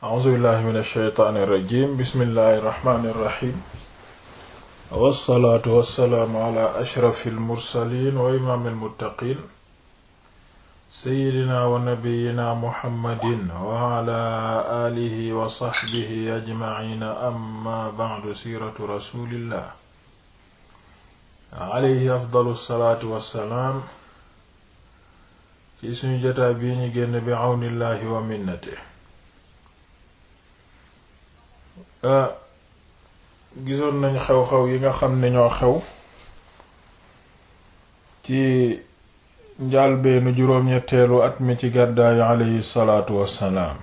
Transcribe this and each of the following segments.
a'uuzu billahi min alsheytaani irrajim bismillahi irrahmani irrahim wassalaatu wassalaamu ala ashrafi almursalin wa imaami almuttaqin seyidina wa nabiyina muhammadin wa ala alihi wa saxbihi ajmaciina amma bacdu siiratu rasulillah alayhi afdalu salaatu wassalaam ci suñu jotaay bii ñu génn bi awnillahi wa minnate Euh, gisoon nañ xew-xew yi nga xam ne ñoo xew ci njàlbeenu juróom-ñetteelu at mi ci gàddaayu aleyhi salaatu wassalaam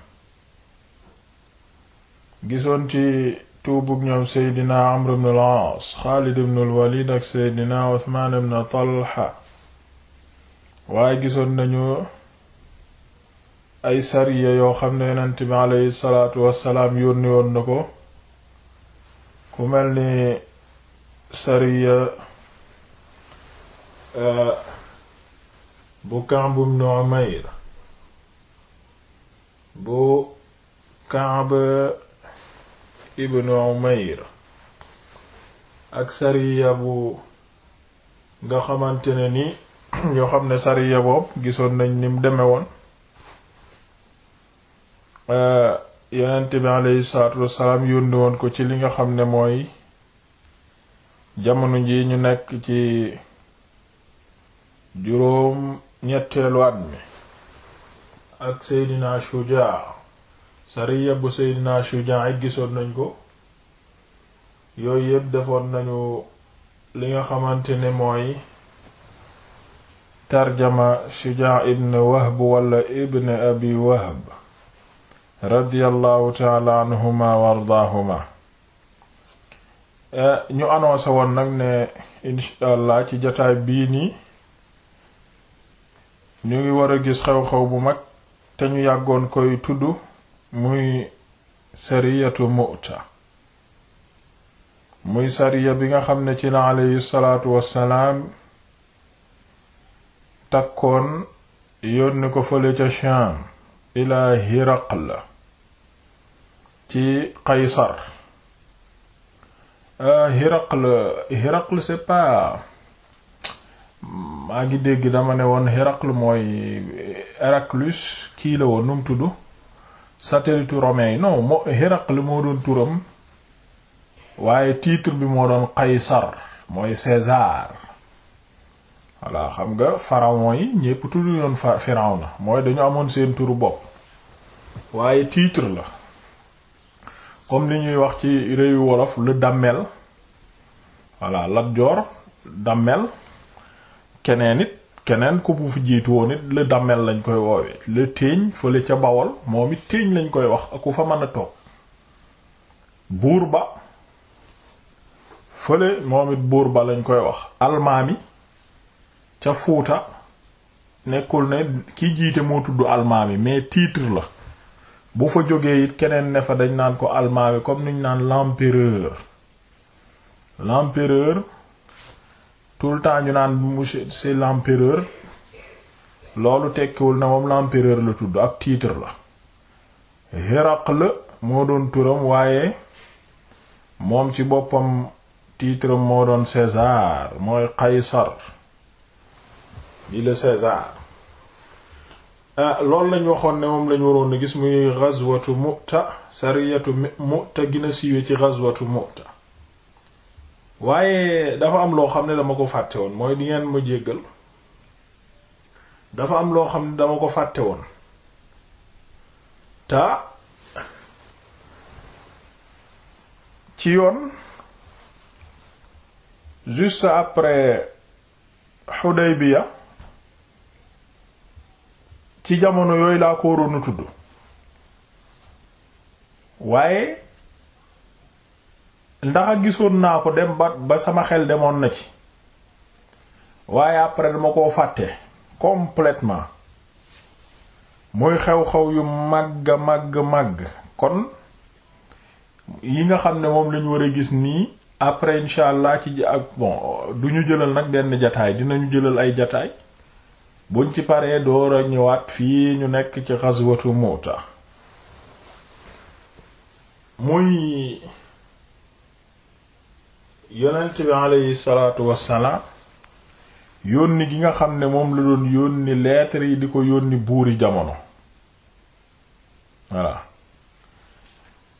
gisoon ci tuubug ñoom seydina amr ibn al-aas xaalid ibn al ak seydina uthman ibn talha waaye gisoon nañu ay sariya yoo xam ne yonent bi aleyhi salaatu wassalaam yónni woon na ko ku mel ni sariya e, bu Ka'b ibn Umayr bu Ka'b ibn Umayr ak sariya bu nga xamante ne ni yoo xam ne sariya boobu gisoon nañ ni mu deme woon e, yonent bi aleyhi salaatu wasalaam yónni woon ko ci li nga xam ne mooy jamono ji ñu nekk ci juróom ñetteelu at mi ak Seydina Shujaa sariya bu Seydina Shujaa it gisoon nañ ko yooyu yépp defoon nañu li nga xamante ne mooy tarjama Shujaa ibn Wahb wala ibn Abi Wahb radiyallahu taala anhuma wa ardaahuma eh, ñu annoncé woon nag ne insha allah ci jataay bii nii ñu ngi war a gis xew-xew bu mag te ñu yàggoon koy tudd muy sariyatu mu'ta muy sariya bi nga xam ne ci la aleyhi salaatu wassalaam takkoon yónni ko fële ca Shaam ilaa hiraql ci qaysar hiraql ah, hiraql c'est pas maa ngi dégg dama ne woon hiraql mooy héraclus kii la woon nu mu tudd satellite romain yi non moo moo doon turam waaye titre bi moo doon qaysar mooy César voilà xam nga pharaon yi ñépp tudd yoon pharaon na mooy dañu amoon seen turu bopp waaye titre la comme li ñuy wax ci réewu wolof le dammel voilà Lat Joor keneen it keneen ku bu fi jiitu woon it le dammel lañ koy woowee le téeñ fële ca Bawol moom it téeñ lañ koy wax ak ku fa mën a toog buur ba fële moom it buur ba lañ koy wax almaami ca Fuuta nekkul ne ki jiite moo tudd almaami mais tiitre la bu fa jógee it keneen ne fa dañ naan ko yi comme niñ naan l'empereur l'empereur tout le temps ñu naan monsieur c'est l'empereur loolu tekkiwul na moom l'empereur la tudd ak tiitre la Héraqle moo doon turam waaye moom ci boppam tiitre moo doon César mooy Qaysar di le César ah, loolu lañ waxoon ne moom lañ waroon a gis muy ghazwatu Mu'ta sariyatu Mu'ta gina siiwe ci ghazwatu Mu'ta waaye dafa am loo xam ne dama ko fàtte woon mooy di ngeen ma jéggal dafa am loo xam ne dama ko fàtte woon ta ci yoon juste après Hudaybiya ci jamono yooyu laa ko waroon tudd waaye ndax gisoon naa ko dem ba ba sama xel demoon na ci waaye après dama koo fàtte complètement mooy xew-xew yu màgg màgg màgg kon yi nga xam ne moom lañu war a gis nii après incha allah ci ak bon du ñu jëlal nag benn jataay dinañu jëlal ay jataay buñ ci paree door a ñëwaat fii ñu nekk ci xaswatu Muuta muy yonent bi aleyhi salaatu wassalaam yónni gi nga xam ne moom la doon yónni lettre yi di ko yónni buuri jamono voilà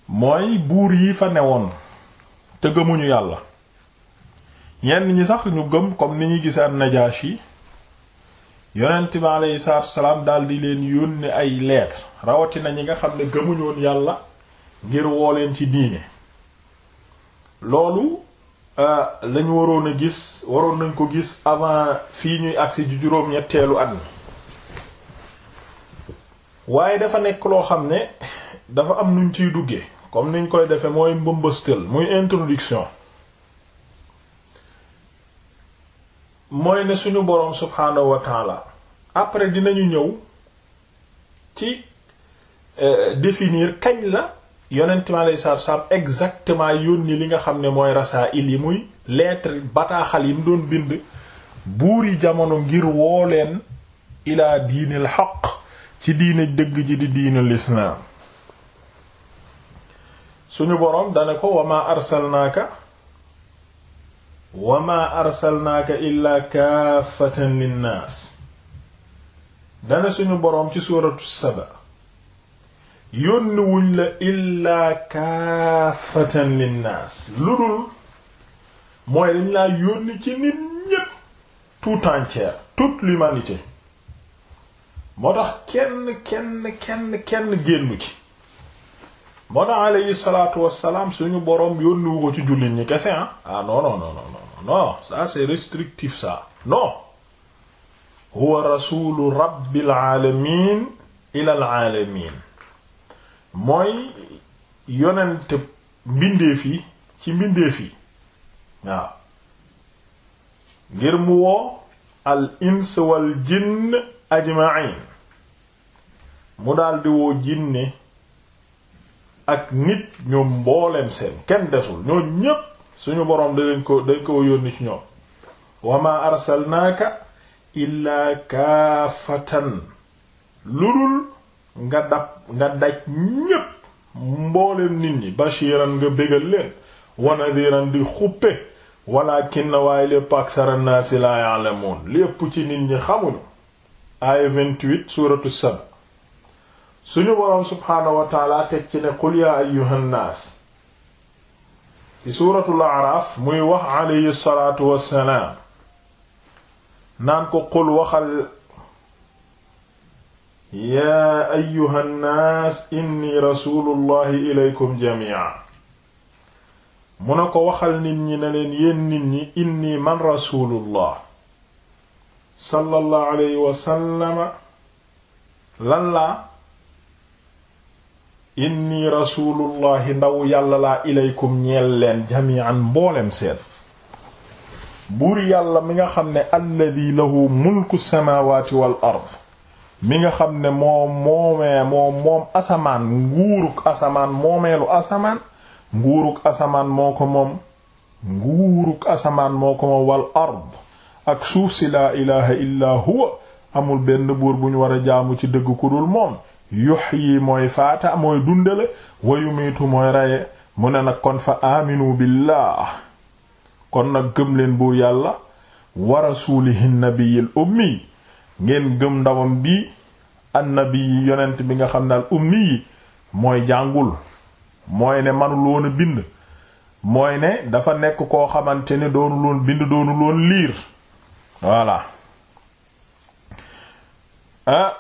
mooy buur yi fa newoon te gëmuñu yàlla ñenn ñi sax ñu gëm kom ni ñuy gis an Najaashi yonent bi aleyhi salaatu wasalaam daal di leen yónni ay lettre rawatina ñi nga xam ne gëmuñoon yàlla ngir woo leen ci diine loolu euh, lañu waroon a gis waroon nañ ko gis avant fii ñuy agsi ju juróom-ñetteelu at waaye dafa nekk loo xam ne dafa am nuñ ciy duggee comme niñ koy defe mooy mbëmbëstal muy introduction mooy ne suñu boroom subhaanahu wa taala après dinañu ñëw ci euh, definiir kañ la yonent mi alayhi salaatu salaam exactement yónni li nga xam ne mooy rasaa'il yi muy lettre bataaxal yi mu doon bind buuri jamono ngir woo leen ilaa diinil xaq ci diine dëgg ji di diinil islaam suñu boroom dane ko wa arsalnaaka wa maa arsalnaaka illaa kaafatan linnaas dana suñu boroom ci suuratu saba yónni la illaa kaafatan linnaas lu dul mooy dañ laa yónni ci nit ñépp tout entière toute l'humanité moo tax kenn kenn kenn kenn génnu ci moo tax aleyhi salaatu wassalaam suñu boroom yónniwu ko ci jullit ñi kese ah ah non non non ça c'est restrictif ça non huwa rasulu rabbil alamin ilal alamin mooy yonent mbindeef ci mbindeef yi waaw ngir mu woo al ins wal jinn ajma'in mu daldi woo jinne ak nit ñoom mbooleem seen kenn desul ñoo ñépp suñu boroom danañ ko dañ ko yónni ci ñoom wa ma arsalnaaka illaa kaafatan lu dul nga dab nga daj ñépp mbooleem nit ñi bashiran nga bégal leen wa nadiran di xuppe walakin waaye lépp aksara naasi laa ya'lamuun lépp ci nit ñi xamuñu aaya suuratu sab suñu boroom subhaanahu wa taala ci ne qul yaa ayyuhan ci suuratul Araaf muy wax alayhi salaatu wassalaam naan ko qul waxal yaa ayyuha nnaas inni rasulullahi ilaykum jamii'a mu ne ko waxal nit ñi ne leen yéen nit ñi inni man rasulullah sallallahu alayhi wasallama lan laa inni rasulullahi ndaw yàlla laa ilaykum ñeel leen jami'an mboolem seen buur yàlla mi nga xam ne alladi lahu mulku samawati wal ard mi nga xam ne moom moomee moom asamaan nguuruk asamaan moomeelu asamaan nguuruk asamaan moo ko moom nguuruk asamaan moo ko moom wal ard ak suuf si laa ilaha illaa huwa amul benn buur bu ñu war a jaamu ci dëgg ku dul moom yi mooy faata mooy dundale wa yumiitu mooy reye mu ne nag kon fa aminu billah kon nag gëm leen buur yàlla wa rasuulihi nabiyil ummi ngeen gëm ndawam bi annabi yi yonent bi nga xam ne al ummi yi mooy jàngul mooy ne manuloon bind mooy ne dafa nekk koo xamante ne doonu loon bind doonu loon liir voilà ah,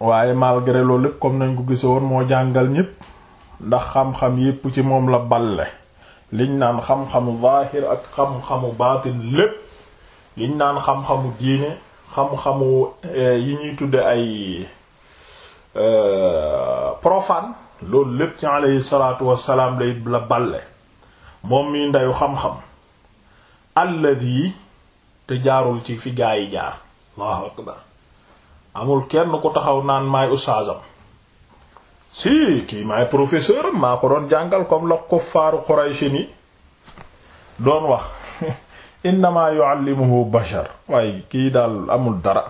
waaye malgré loolu lépp comme nañ ko gise woon moo jàngal ñépp ndax xam-xam yépp ci moom la balle liñ naan xam-xamu zaahir ak xam-xamu baatin lépp liñ naan xam-xamu diine xam-xamu eh, yi ñuy tudde ay eh, profane loolu lépp ci alayhi salaatu wassalaam lay la balle moom mi ndeyu xam-xam alladi te jaarul ci fi gaa yi jaar allahu akbar amul kenn ku taxaw naan maay ustaasam si kii maay professeur am maa ko doon jàngal comme la kuffaaru Qurayshi ni doon wax innama yuallimuhu bashar waaye kii daal amul dara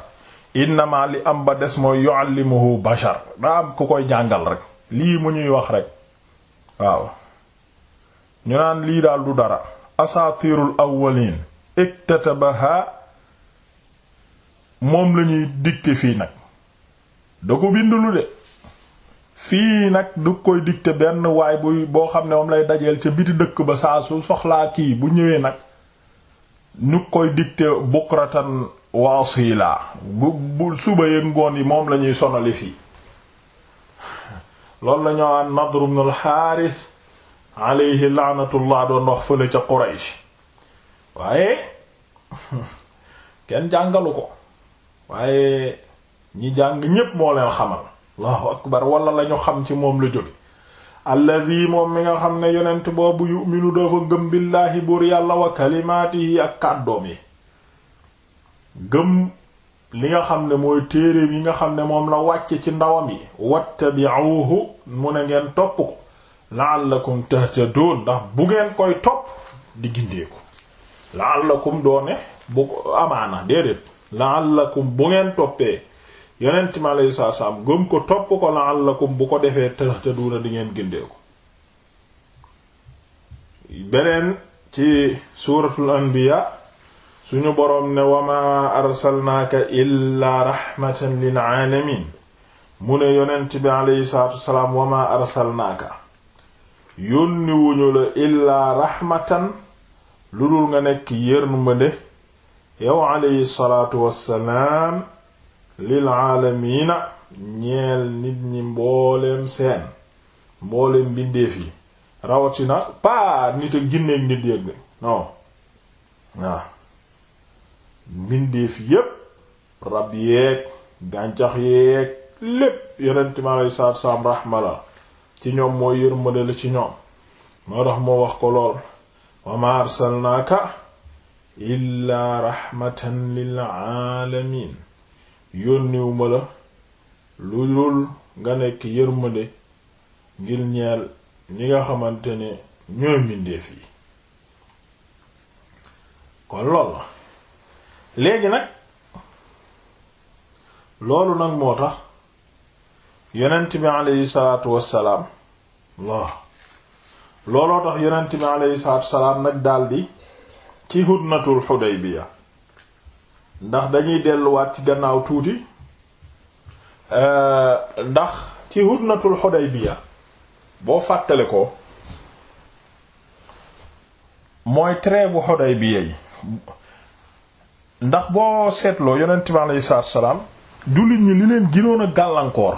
innama li am ba des mooy yuallimuhu bashar daa am ku koy jàngal rek lii mu ñuy wax rek waaw ñu naan lii daal du dara asatirul awwalin iktatabaha moom la ñuy dicter fii nag da ko bindulu de fii nag du koy dicter benn waay buy boo xam ne moom lay dajeel ca biti dëkk ba saasu soxlaa kii bu ñëwee nag ñu koy dicter bukratan waasila bu bu suba yeeg ngoon yi moom lañuy ñuy sonali fii loolu la ñoo an Nadr ibn al-Harith alayhi doon wax fële ca Quraysh waaye kenn jàngalu ko waaye ñi jàng ñépp moo leen xamal allahu akbar wala la ñu xam ci moom la jóge alladi moom mi nga xam ne yonent boobu yuminu dafa gëm billaahi buur yàlla wa kalimaatihi ak kàddoom yi gëm li nga xam ne mooy téeréem yi nga xam ne moom la wàcce ci ndawam yi wattabi'uhu mu ne ngeen topp ko la'allakum tahtadun ndax bu ngeen koy topp di gindeeku la'allakum doone bu amaana déedéet la'allakum bu ngeen toppee yonent mi alayhi salaam gëm ko topp ko la'allakum bu ko defee tahtaduuna di ngeen gindeeku beneen ci suuratul anbiya suñu boroom ne wama arsalnaaka illaa rahmatan lil aalamiin mu ne yonent bi alayhi salaatu wasalaam wama arsalnaaka yónni wuñu la illaa rahmatan lu dul nga nekk yërmande yow alayhi salaatu wassalaam lil aalamiina ñeel nit ñi mbooleem seen mbooleem bindeef yi rawatina paa nit ak ginneeg nit yëg de non waaw bindeef yépp rab yeeg gàncax yeeg lépp yonent mi alayhi salaatu la ci ñoom mooy yërmande la ci ñoom moo tax moo wax ko lool ma arsalnaaka illaa raxmatan aalamiin yónniwu la lu dul nga nekk yërmande ngir ñeel ñi nga xamante ni ñooy mbindeef yi kon lool la léegi nag loolu nag moo tax yonent bi aleyhi salaatu wassalaam looloo tax yonent bi aleyhi salaatu wassalaam nag daldi ci hudnatul Hudaybiya ndax dañuy delluwaat ci gannaaw tuuti euh, ndax ci hudnatul Hudaybiya boo fàttale ko mooy trêve bu bi yi ndax boo seetloo yonent bi aleyhi salaatu salaam jullit ñi li leen ginoon a gàllankoor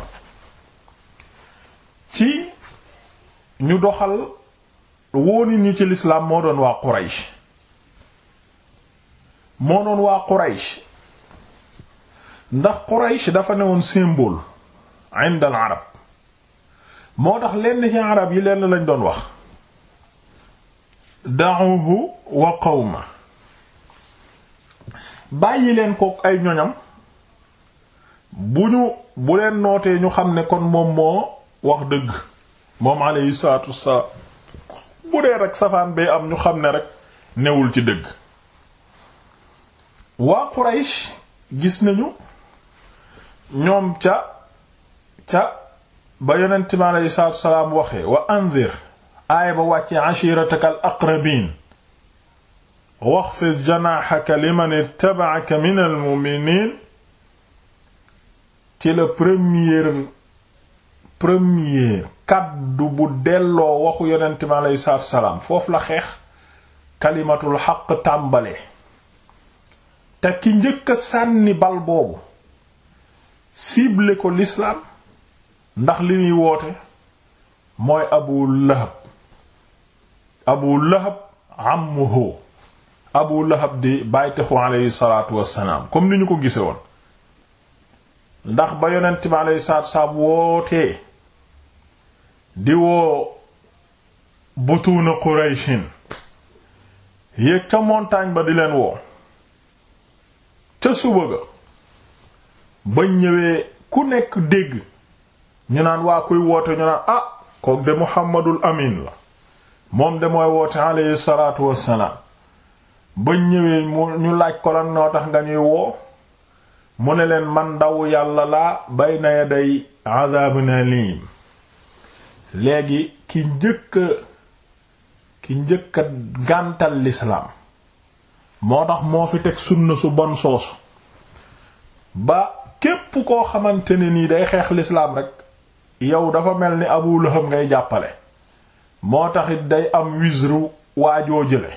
ci ñu doxal wooni ñi ci lislaam moo doon waa Quraysh moo noon waa Quraysh ndax Quraysh dafa newoon symbole inda al arab moo tax lenn ci arab yi lenn lañ doon wax da'uhu wa qawma bàyyi leen kook ay ñoñam bu ñu bu leen nootee ñu xam ne kon moom moo wax dëgg moom alayhi salaatu wassalaam bu dee rek safaan bee am ñu xam ne rek newul ci dëgg waa Quraysh gis nañu ñoom ca ca ba yonent mi aleyhi salaatu salaam waxee wa anzir aaya ba wàcce ashiratak al aqrabiin waxfid janaahaka liman ittaba'aka minal mu'miniin ci la première première bu delloo waxu yonent mi aleyhi salaatu foofu la xeex kalimatul xaq tàmbale te ki njëkk a sànni bal boobu ciblé ko lislaam ndax li muy woote mooy abu lahab abu lahab ammuhu abu lahab di bàytaxu aleyhi salaatu comme ni ñu ko gise woon ndax ba yonent bi aleyhi salaatu wassalaam wootee di woo butuuna qurayshin yéeg ca montagne ba di leen woo ca suba ga bañ ñëwee ku nekk dégg ñu naan waa kuy woote ñu naan ah kook de muhammadul amin la moom de mooy woote alayhi salaatu wassalaam bañ ñëwee mu ñu laaj ko lan noo tax nga ñuy woo mu ne leen man ndaw yàlla laa bay na day azabun alim léegi ki njëkka ki njëkka gàntal lislaam moo tax moo fi teg sunna su bon soosu ba képp koo xamante ne nii day xeex lislaam rek yow dafa mel ni Abu Lahab ngay jàppale moo taxit day am wisru waajoo jële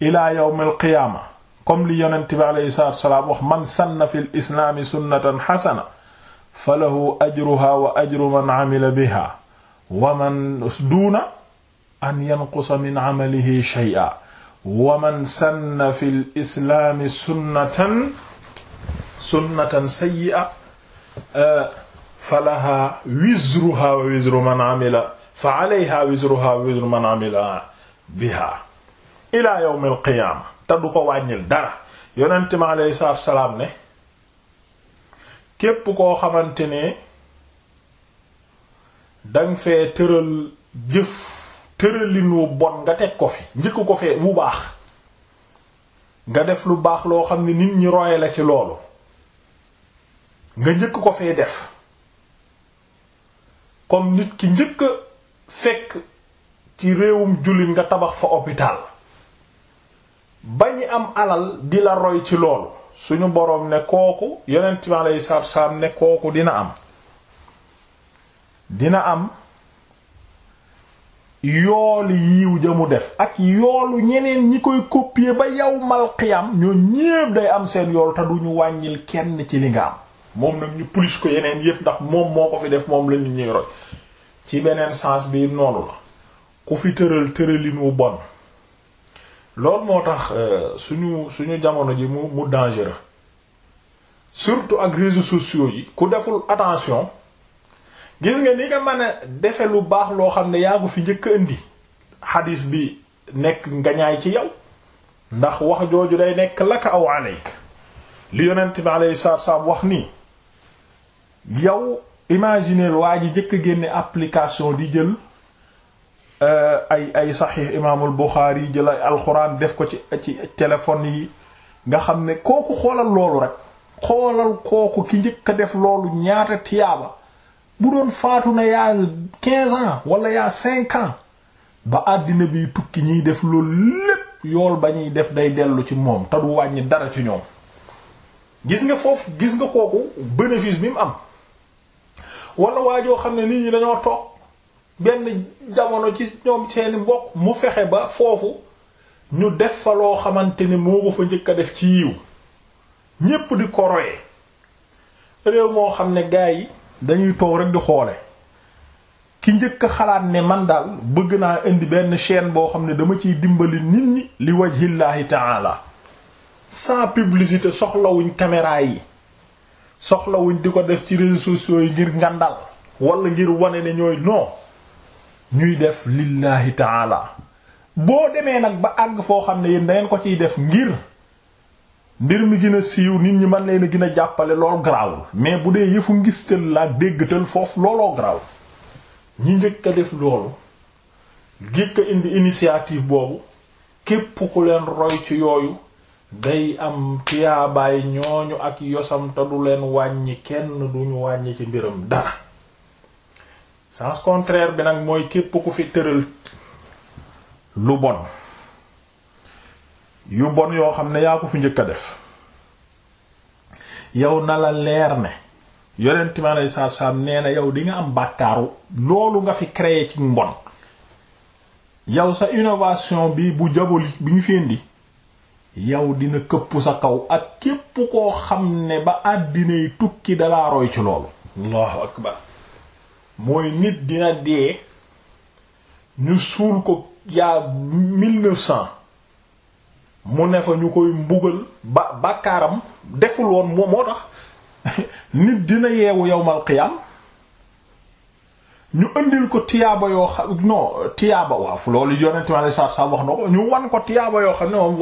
ila yawmil qiyaama comme li yonent bi wax man sanna fil islaami sunnatan xasana fa lahu ajruha wa ajru man amila biha wa man duuna an yanqusa min amalihi shay'a wa man sanna fil islaami sunnatan sunnatan sayyi'a falahaa wizruhaa wa man man amila bihaa ilaa yawmil qiyaama te du ko wàññil dara yonent mi alayhi ne képp koo xamante ne danga fee tëralin wu bon nga teg ko fi njëkk ko fi mu baax nga def lu baax loo xam ne nit ñi roye la ci loolu nga njëkk ko fi def comme nit ki njëkk fekk ci réewum jullit nga tabax fa hôpital ba ñi am alal di la roy ci loolu suñu boroom ne kooku yonent bi alayhi salaatu ne kooku dina am dina am yoolu yiiw ja mu def ak yoolu ñeneen ñi koy copier ba yawmal qiyam ñoo ñépp day am seen yool te duñu wàññil kenn ci li nga am moom nag ñu plus ko yeneen yépp ndax moom moo ko fi def moom la nit ñuy roy ci beneen sens bi noonu la ku fi tëral tëralin wu bon lool moo tax euh, suñu suñu jamono ji mu mu dangereux surtout ak réseaux sociaux yi ku deful attention gis nga ni nga mën defe lu baax loo xam ne yaa ko fi njëkk indi xadis bi nekk ngañaay ci yow ndax wax jooju day nekk lakk aw aleyk li yonent bi alayhi salaatu wax nii yow imaginer waa ji njëkk a génne application di jël euh, ay ay saxiix imaamul Buxaari jël ay alxuraan def ko ci ci téléphone yi nga xam ne kooku xoolal loolu rek xoolal kooku ki njëkk a def loolu ñaata tiyaaba bu doon faatu na yaa quinze ans wala yaa cinq ans ba àddina bi tukki ñuy def loolu lépp yool ba ñuy def day dellu ci moom te du wàññi dara ci ñoom gis nga foofu gis nga kooku bénéfice bi mu am wala waa joo xam ne nit ñi dañoo toog benn jamono ci ñoom seeni mbokk mu fexe ba foofu ñu def fa loo xamante ni moo ko fa njëkk a def ci yiw ñépp di koroyee réew moo xam ne gaa yi dañuy toog rekk di xoole ki njëkk a xalaat ne man daal bëgg naa indi benn chaîne boo xam ne dama ciy dimbali nit ñi li wajhillaahi ta'ala sans publicité soxlawuñ caméra yi soxlawuñ di ko def ci réseaux sociaux yi ngir ngandal wala ngir wane ne ñooy non ñuy def lillaahi ta'ala boo demee nag ba àgg foo xam ne yéen dangeen ko ciy def ngir mbir mi gën siiw nit ñi man leen a gën a jàppale lool garaawul mais bu dee yëfu ngistal laa déggtal foofu looloo garaaw ñi njëkk a def loolu gékk indi initiative boobu képp ku leen roy ci yooyu day am tuyaabaay ñooñu ak yosam te du leen wàññi kenn duñu wàññi ci mbiram dara sens contraire bi nag mooy képp ku fi tëral lu bon yu bon yoo xam ne yaa ko fi njëkk a def yow na la leer ne yonent mi aleyhi salaatu salaam nee na yow dinga am bàkkaaru loolu nga fi créer ci mbon yow sa innovation bi bu diabolique bi ñu fi indi yow dina këpp sa kaw ak képp koo xam ne ba àddinay tukki dalaa roy ci loolu allahu akbar mooy nit dina dee ñu suul ko yaa mu ne fa ñu koy mbugal ba bàkkaaram deful woon moo moo tax nit dina yeewu yowmal qiyam ñu indil ko tiyaaba yoo xam non tiyaaba waaw fu loolu yonent mi xam ne moom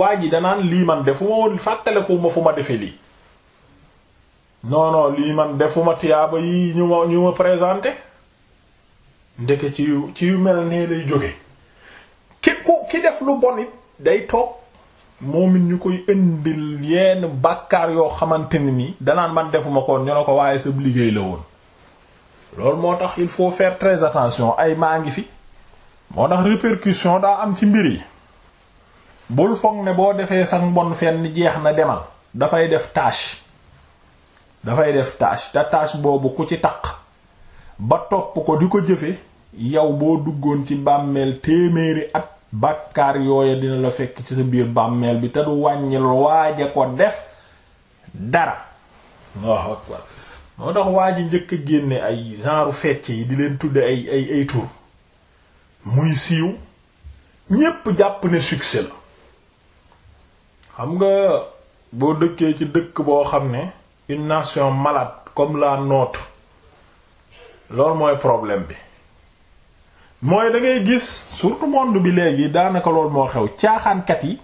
lii man defu ma woon fàttaleku ma fu ma lii man defuma tiyaaba yi ñu ma ñu ma présenté ndeke ci yu ci yu mel nee lay jóge ki ku ki def lu bon it day toog moom it ñu koy indil yenn bàkkaar yoo xamante ne ni danaa man defuma koon ñu ne ko waaye sab liggéey la woon loolu moo tax il faut faire très attention ay maa ngi fi moo tax répercussion daa am ci mbir yi bul foog ne boo defee sax mbon fenn jeex na demal dafay def tâche dafay def tâche te tâche boobu ku ci taq ba topp ko di ko jëfe yow boo duggoon ci bàmmeel téeméeri at bàkkaar yooya dina la fekk ci sa biir bàmmeel bi te du wàññil waaja ko def dara waaw akbar moo tax waa ji njëkk a génne ay genre fecc yi di leen tudde ay ay tur muy siiw ñépp jàpp ne succès la xam nga boo dëkkee ci dëkk boo xam ne une nation malade comme la nootu loolu mooy problème bi mooy da gis surtout monde bi léegi daanaka lool moo xew caaxaankat yi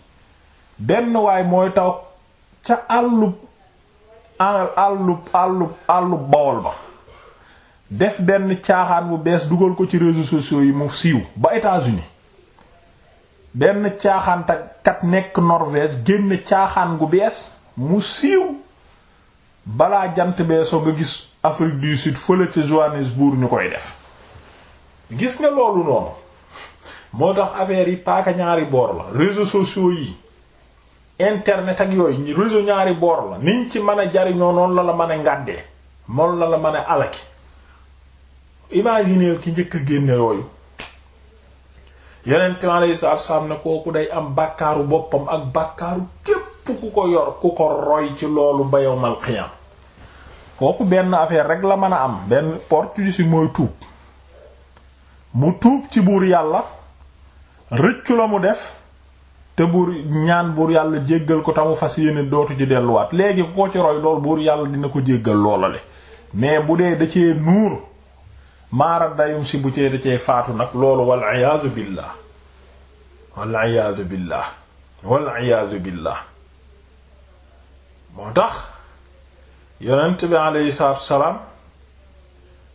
benn waay mooy taw ca àllub àllub àllub àllub bawol ba def benn caaxaan bu bees dugal ko ci réseaux sociaux yi mu siiw ba États-Unis benn caaxaankat nekk Norvège génn caaxaan gu bees mu siiw balaa jant beesoo nga gis Afrique du Sud fële ca Johannesburg ñu koy def gis nga loolu noonu moo tax affaire yi paaka ñaari boor la réseaux sociaux yi internet ak yooyu réseau ñaari boor la niñ ci mën a jariñoo noonu la la mën a ngàddee moom la la mën a alaki imaginer ki njëkk a génne yooyu yeneen temps lay saaf saaf ne kooku day am bàkkaaru boppam ak bàkkaaru képp ku ko yor roy ci loolu ba yawmal qiyaam kooku benn affaire rek la mën a am benn porte du si mooy tuub mu tuub ci buur yàlla rëccu la mu def te buur ñaan buur yàlla jéggal ko tamu fas yéene dootu ci delluwaat léegi ku ko ci roy lool buur yàlla dina ko jéggal loolale mais bu dee da cee nuur maara dayum si bu cee da cee faatu nag loolu wal iyaadu billah wal iyaadu billah wal iyaadu billah moo tax yonent bi alayhi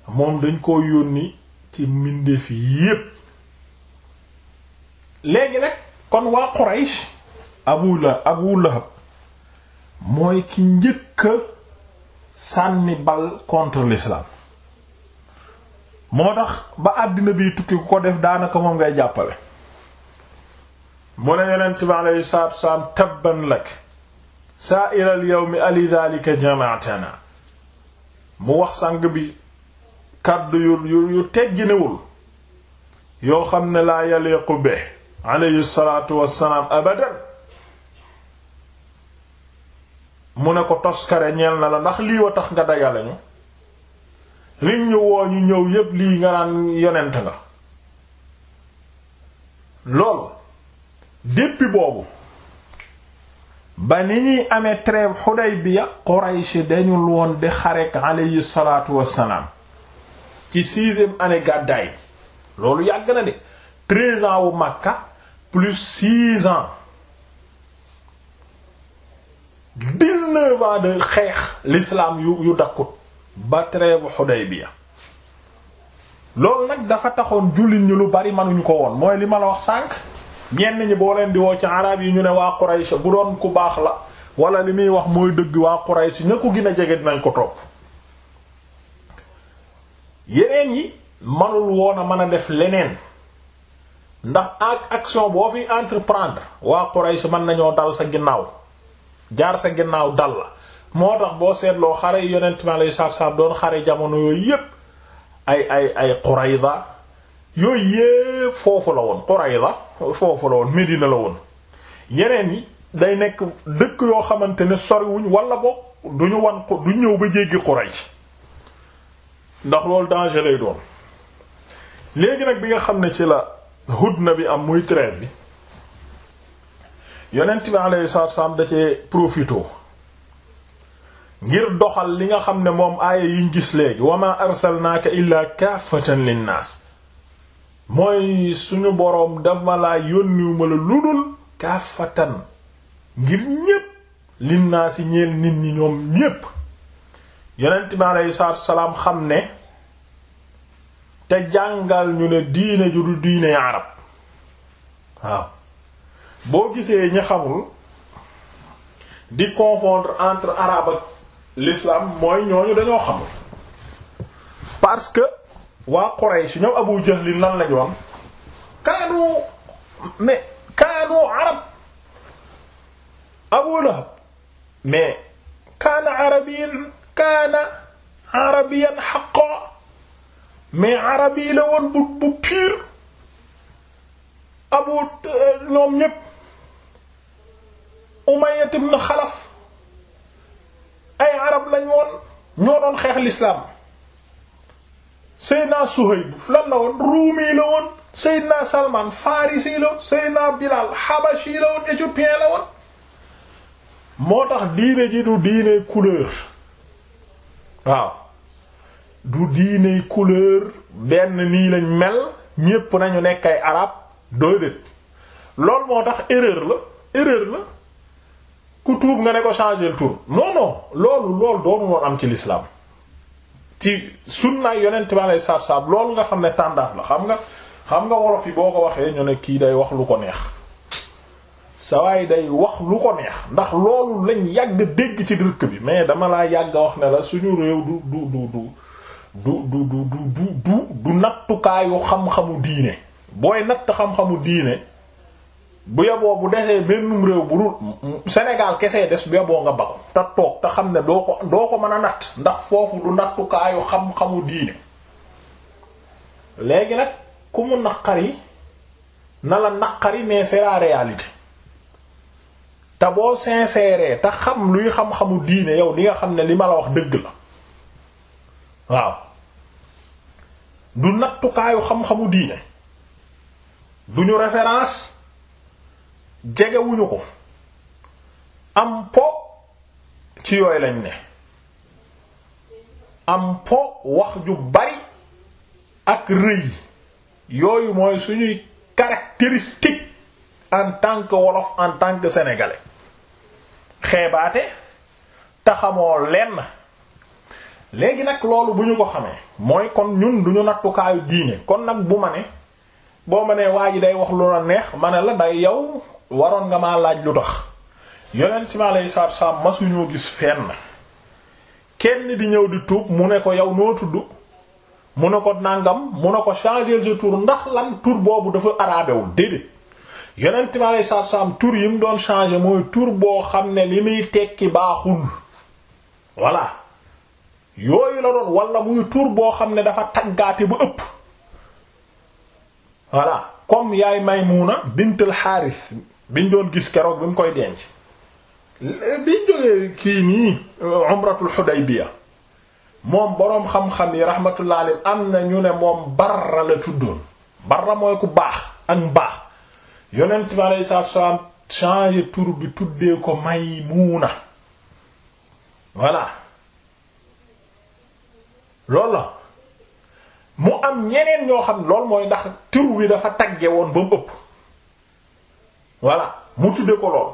moom dañ koo yónni ci mbindeef yépp léegi nag kon waa Quraysh Abu la Abu Lahab mooy ki njëkk sànni bal contre l'islam moo tax ba àddina bi tukki ku ko def daanaka moom ngay jàppale mu ne yonent bi aleyhi salaatu wasalaam tabban lak saa'ira al yawmi ali dhalika jama'tana mu wax sang bi kàddu yu yu yu yoo xam ne laa yaliqu be aleyhi abadan mu ne ko toskare ñeel na la ndax lii tax nga dajale ñu liñ ñu woo ñu ñëw yépp lii nga naan yonent nga loolu déppi boobu ba ni ñuy amee trêve Hudaybiya Quraysh dañul woon di xarek aleyhi salaatu wassalaam ci sixième année gàddaay loolu yàgg na de treize ans wu Makka plus six ans dix-neuf ans de xeex l'islam yu yu dakkut ba trêve Hudaybiya loolu nag dafa taxoon jullit ñu lu bari mënuñu ko woon mooy li ma la wax sànq ñenn ñi boo leen di woo ci arab yi ñu ne waa Quraysh bu doon ku baax la wala li muy wax mooy dëgg waa Quraysh ña ko gën a jege dinañ ko topp yeneen yi manul woon a mën a def leneen ndax ak action boo fi entreprendre waa Quraysh mën nañoo dal sa ginnaaw jaar sa ginnaaw dal la moo tax boo seetloo xare yonent mi alayhi salaatu salaam doon xare jamono yooyu yépp ay ay ay Qurayza yooyu yépp foofu la woon Qurayza foofu la woon Medina la woon yeneen yi day nekk dëkk yoo xamante ne soriwuñ walla boog duñu wan ko du ñëw ba jéggi Quraysh ndax loolu danger lay doon léegi nag bi nga xam ne ci la hudna bi am muy trêve bi yonent bi alayhi salaatu wasallam da cee profité ngir doxal li nga xam ne moom aaya yiñ gis léegi wa ma arsalnaaka illaa kaafatan linnaas mooy suñu boroom dafa laa yónniwuma la lu dul kaafatan ngir ñépp linnaasi ñeel nit ñi ñoom ñépp yonent bi aleyhi salaam xam ne te jàngal ñu ne diine ju du diine arab waaw boo gisee ñi xamul di confondre entre arabe ak l'islam mooy ñooñu dañoo xamul parce que waa Quraysh ñoom Abu Jahl lan lañu woon kaanu mais kaanu arab Abu Lahab mais kaana arabiyin kaana arabiyan haqqan mais arab yi la woon bu bu pire abu ñoom ñépp Umayya ibn Xalaf ay arab lañ woon ñoo doon xeex l'islam Seydina Suhayb lan la woon ruumi la woon Seydina Salman farisi la woon Seydina Bilal habashi la woon éthiopien la woon moo tax diine ji du diine couleur waaw du diiney couleur benn nii lañ mel ñépp nañu nekk ay arab déedéet lool moo tax erreur la erreur la ku tuub nga ne ko changer le tur non non loolu loolu doonu woon am ci l'islam ci sunna yonent bi alayhi salaatu salaam loolu nga xam ne tendance la xam nga xam nga wolof yi boo ko waxee ñu ne kii day wax lu ko neex sawaay day wax lu ko neex ndax loolu lañ yàgg dégg ci dëkk bi mais dama laa yàgg wax ne la suñu réew du du du du du du du du du du nattukaayu xam-xamu diine booy natt xam-xamu diine bu yeboo bu desee bennum réew bu dul kese des bu yeboo nga bako te toog te xam ne doo ko doo ko mën a natt ndax foofu du nattukaayu xam-xamu diine léegi nag ku mu naqari na la naqari mais c'est la réalité te boo sincère te xam luy xam-xamu diine yow li nga xam ne li ma la wax dëgg la waaw du nattukaayu xam-xamu diine ñu référence jegewuñu ko am po ci yooyu lañ ne am po wax ju bari ak rëy yooyu mooy suñuy caractéristique en tant que wolof en tant que sénégalais xeebaate taxamoo lenn léegi nag loolu bu ñu ko xamee mooy kon ñun duñu nattukaayu diine kon nag bu ma ne boo ma nee waa ji day wax lu la neex ma ne la day yow waroon nga maa laaj lu tax yonent mi alayhi salaatu salaam masuñoo gis fenn kenn di ñëw di tuub mu ne ko yow noo tudd mu ne ko nàngam mu ne ko changer de tour ndax lan tour boobu dafa araabewul déedéet yonent bi aleyhi salaatu salaam tur yi mu doon changer mooy tur boo xam ne li muy tekki baaxul voilà yooyu la doon wala muy tur boo xam ne dafa taggaate bu ëpp voilà comme yaay Maymuna bintul Xaaris biñ doon gis keroog bi mu koy denc biñ jógee kii nii umratul Xudaybiya moom boroom xam-xam yi rahmatullah alayhi am na ñu ne moom barra la tuddoon barra mooy ku baax ak baax yonent bi alayhi salaatu salaam changé tur bi tuddee ko Maymuuna voilà loolu la mu am ñeneen ñoo xam loolu mooy ndax tur wi dafa tagge woon ba ëpp voilà mu tuddee ko lool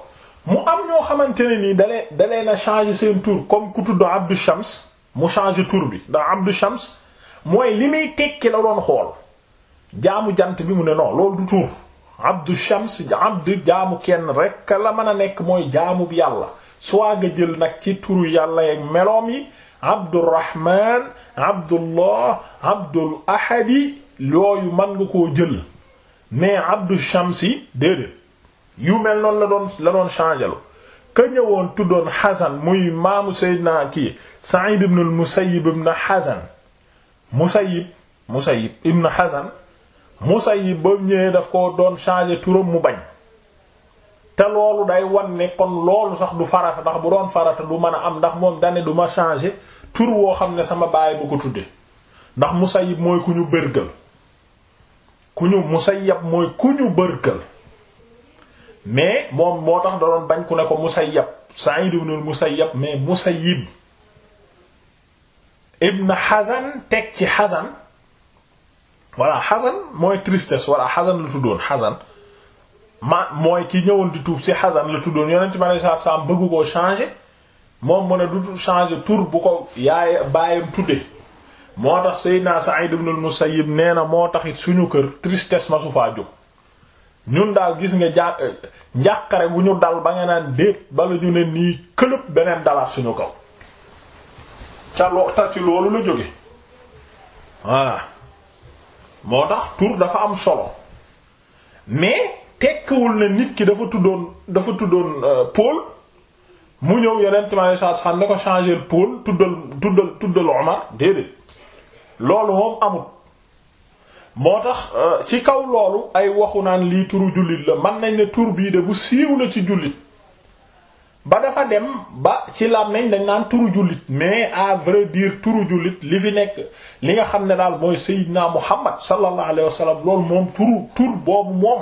mu am ñoo xamante ne nii dalee na changé seen tour comme ku tudd Abdou Shams mu changé tour bi ndax Abdou Shams mooy li muy tekki la doon xool jaamu jant bi mu ne non loolu du tur. abdu shams abdu jaamu kenn rek la mën a nekk mooy jaamu bi yàlla soit nga jël nag ci turu yàlla yeeg meloom yi abdurrahman abdullah abdul ahadi looyu man nga koo jël mais abdu shamsi déedéet yu mel noonu la doon la doon changé lu ka ñëwoon tuddoon Xasan muy maamu Seydina kii Sa'id ibn al-Musayyib ibn Xasan Musayyib Musayyib ibn Xasan Musayyib ba ñëwee daf ko doon changer turam mu bañ te loolu day wan ne kon loolu sax du farata ndax bu doon farata du mën a am ndax moom dane du ma changer tur woo xam ne sama baay bu ko tudde ndax Musayyib mooy ku ñu bërgël ku ñu Musayyab mooy ku ñu bërgël mais moom moo tax da doon bañ ku ne ko Musayyab Sa'id ibn al-Musayyab mais Musayyib ibn Hazan teg ci Hazan voilà xasan mooy tristesse voilà xasan la tuddoon xasan ma mooy ki ñëwoon di tuub si xasan la tuddoon yonent bi alayhi salaatu salaam bëgg koo changer moom mu ne du changer tur bu ko yaay baayam tudde moo tax Seydina Sa'id ibn al-Musayyib nee na moo taxit suñu kër tristesse ma su faa jóg ñun daal gis nga ja bu ñu dal ba nga naan déet bala ñu ne nii këlëb beneen dalaat suñu kaw ca loolu la jóge voilà moo tax tur dafa am solo mais tekkiwul ne nit ki dafa tuddoon dafa tuddoon euh, Paul mu ñëw yeneen temades yi xam ne ko changer Paul tuddal tuddal tuddal Omar déedéet loolu moom amut. moo tax euh, ci kaw loolu ay waxu naan lii turu jullit la mën nañ ne tur bii de bu siiw na ci jullit. ba dafa dem ba ci làmmiñ dañ naan turu jullit mais à vrai dire turu jullit li fi nekk li nga xam ne daal mooy Seyyidina Muhammad sallallahu alayhi wa sallam loolu moom turu tur boobu moom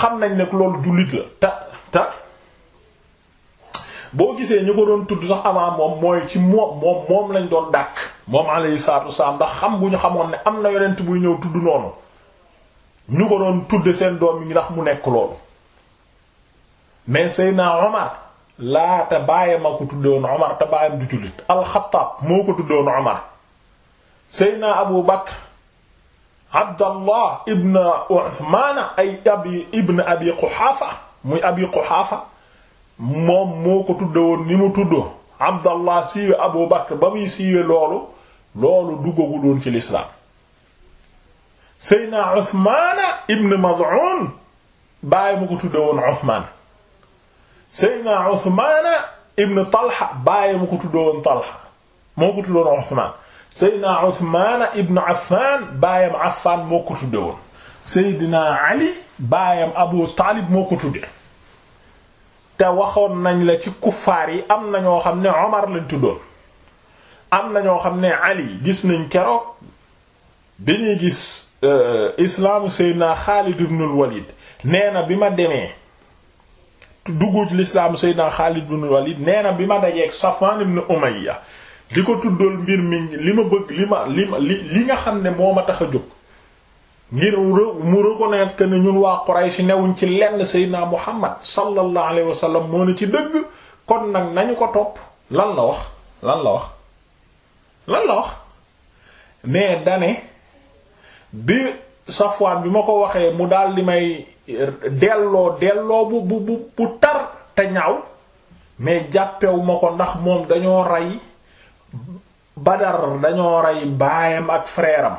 xam nañ ne loolu jullit la ta ta boo gisee ñu ko doon tudd sax avant moom mooy ci moom moom lañ doon dàkk moom alayhi salaatu wasalaam ndax xam bu ñu xamoon ne am na yonent buy ñëw tudd noonu ñu ko doon tudd seen doom yi ndax mu nekk loolu mais Seydina Omar laata baayam a ko tuddoon Omar te baayam du jullit alxataab moo ko tuddoon Omar Seydina Abu Bakr Abdallah ibn Uthmaana ay abi ibn abi muy abi Quhaafa moom moo ko tuddoon ni mu tuddoo Abdallah siiwe Abu Bakr ba muy siiwe loolu loolu duggaguloon ci lislaam Seydina Uthmaana ibn Maz'uun baayam a ko tuddoon Uthmaan Seydina Usmaan ibn Talha bàyyi mu ko tuddoon Talha moo ko tuddoon Usmaan Seydina Usmaan ibn Affaan baayam Affaan moo ko tuddoon Seydina Ali baayam Abu Taalib moo ko tudde te waxoon nañ la ci kuffaar yi am na ñoo xam ne Omar lañ tuddoon am na ñoo xam ne Ali gis nañ keroog bi ñuy gis euh, islaamu Seydina Xaalid ibn al Walid nee na bi ma demee duggu ci lislaam Seydina Xaalid ibn Walid nee bi ma dajeeg Safwan ibn Umayya di ko tuddal mbir mi li ma bëgg li ma li ma li li nga xam ne moo ma tax a jóg ngir mu reconnaître ñun waa Quraysh newuñ ci lenn Seydina Muhammad sallallahu alayhi wa sallam moo ne ci dëgg kon nag nañu ko topp lan la wax lan la wax lan la wax mais dane bi Safwan bi ma ko waxee mu daal di may delloo delloo bu bu bu tar te ñaaw mais jàppewu ko ndax moom dañoo rey Badar dañoo rey baayam ak frère am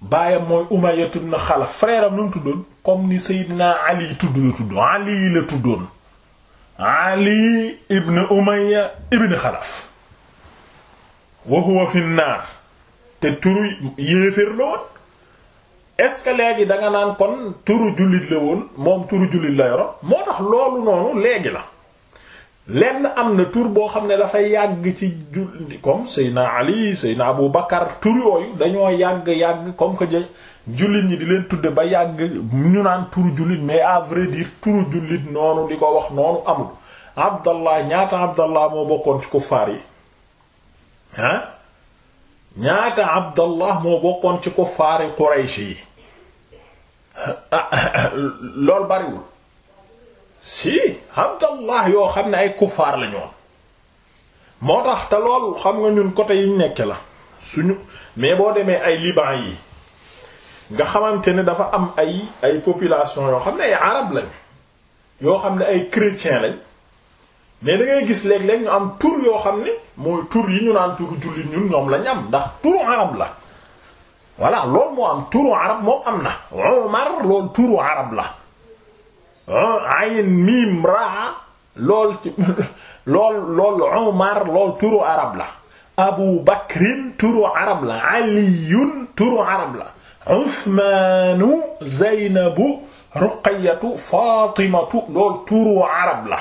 baayam mooy Umayya ibn Xalaf frère am mu tuddoon comme ni Seydina Ali tudd la tuddoon Ali ibn Umayya ibn Xalaf wa fi naar te turu yéeféer la woon est-ce que léegi da nga naan kon turu jullit la woon moom turu jullit la yoro moo tax loolu noonu léegi la lenn am na tur boo xam ne dafay yàgg ci julli comme Seyna Ali Seyna Abu Bakar tur yooyu dañoo yàgg-yàgg comme que jullit ñi di leen tudde ba yàgg ñu naan turu jullit mais à vrai dire turu jullit noonu di ko wax noonu amul Abdallah ñaata Abdallah moo bokkoon ci kuffaar yi ñaata Abdallah moo bokkoon ci kuffaari Quraysh yi loolu bariwul si Abdallah yoo xam ne ay kuffaar la moo tax te lool xam nga ñun côté yiñ nekk la suñu mais boo demee ay Liban yi nga xamante ne dafa am ay ay population yoo xam ne ay arab lañ yoo xam ne ay chrétien lañ mais da ngay gis léeg-léeg ñu am tur yoo xam ne mooy tur yi ñu naan turu jullit ñun ñoom lañ am ndax turu arab la voilà loolu moo am turu arab moom am na Umar loolu turu arab la ayn mim raa lool ci lool lool Umar lool turu arab la Abu Bakrin turu arab la Aliyun turu arab la Usmaanu Zaynabu Ruqayatu Fatimatu lool turu arab la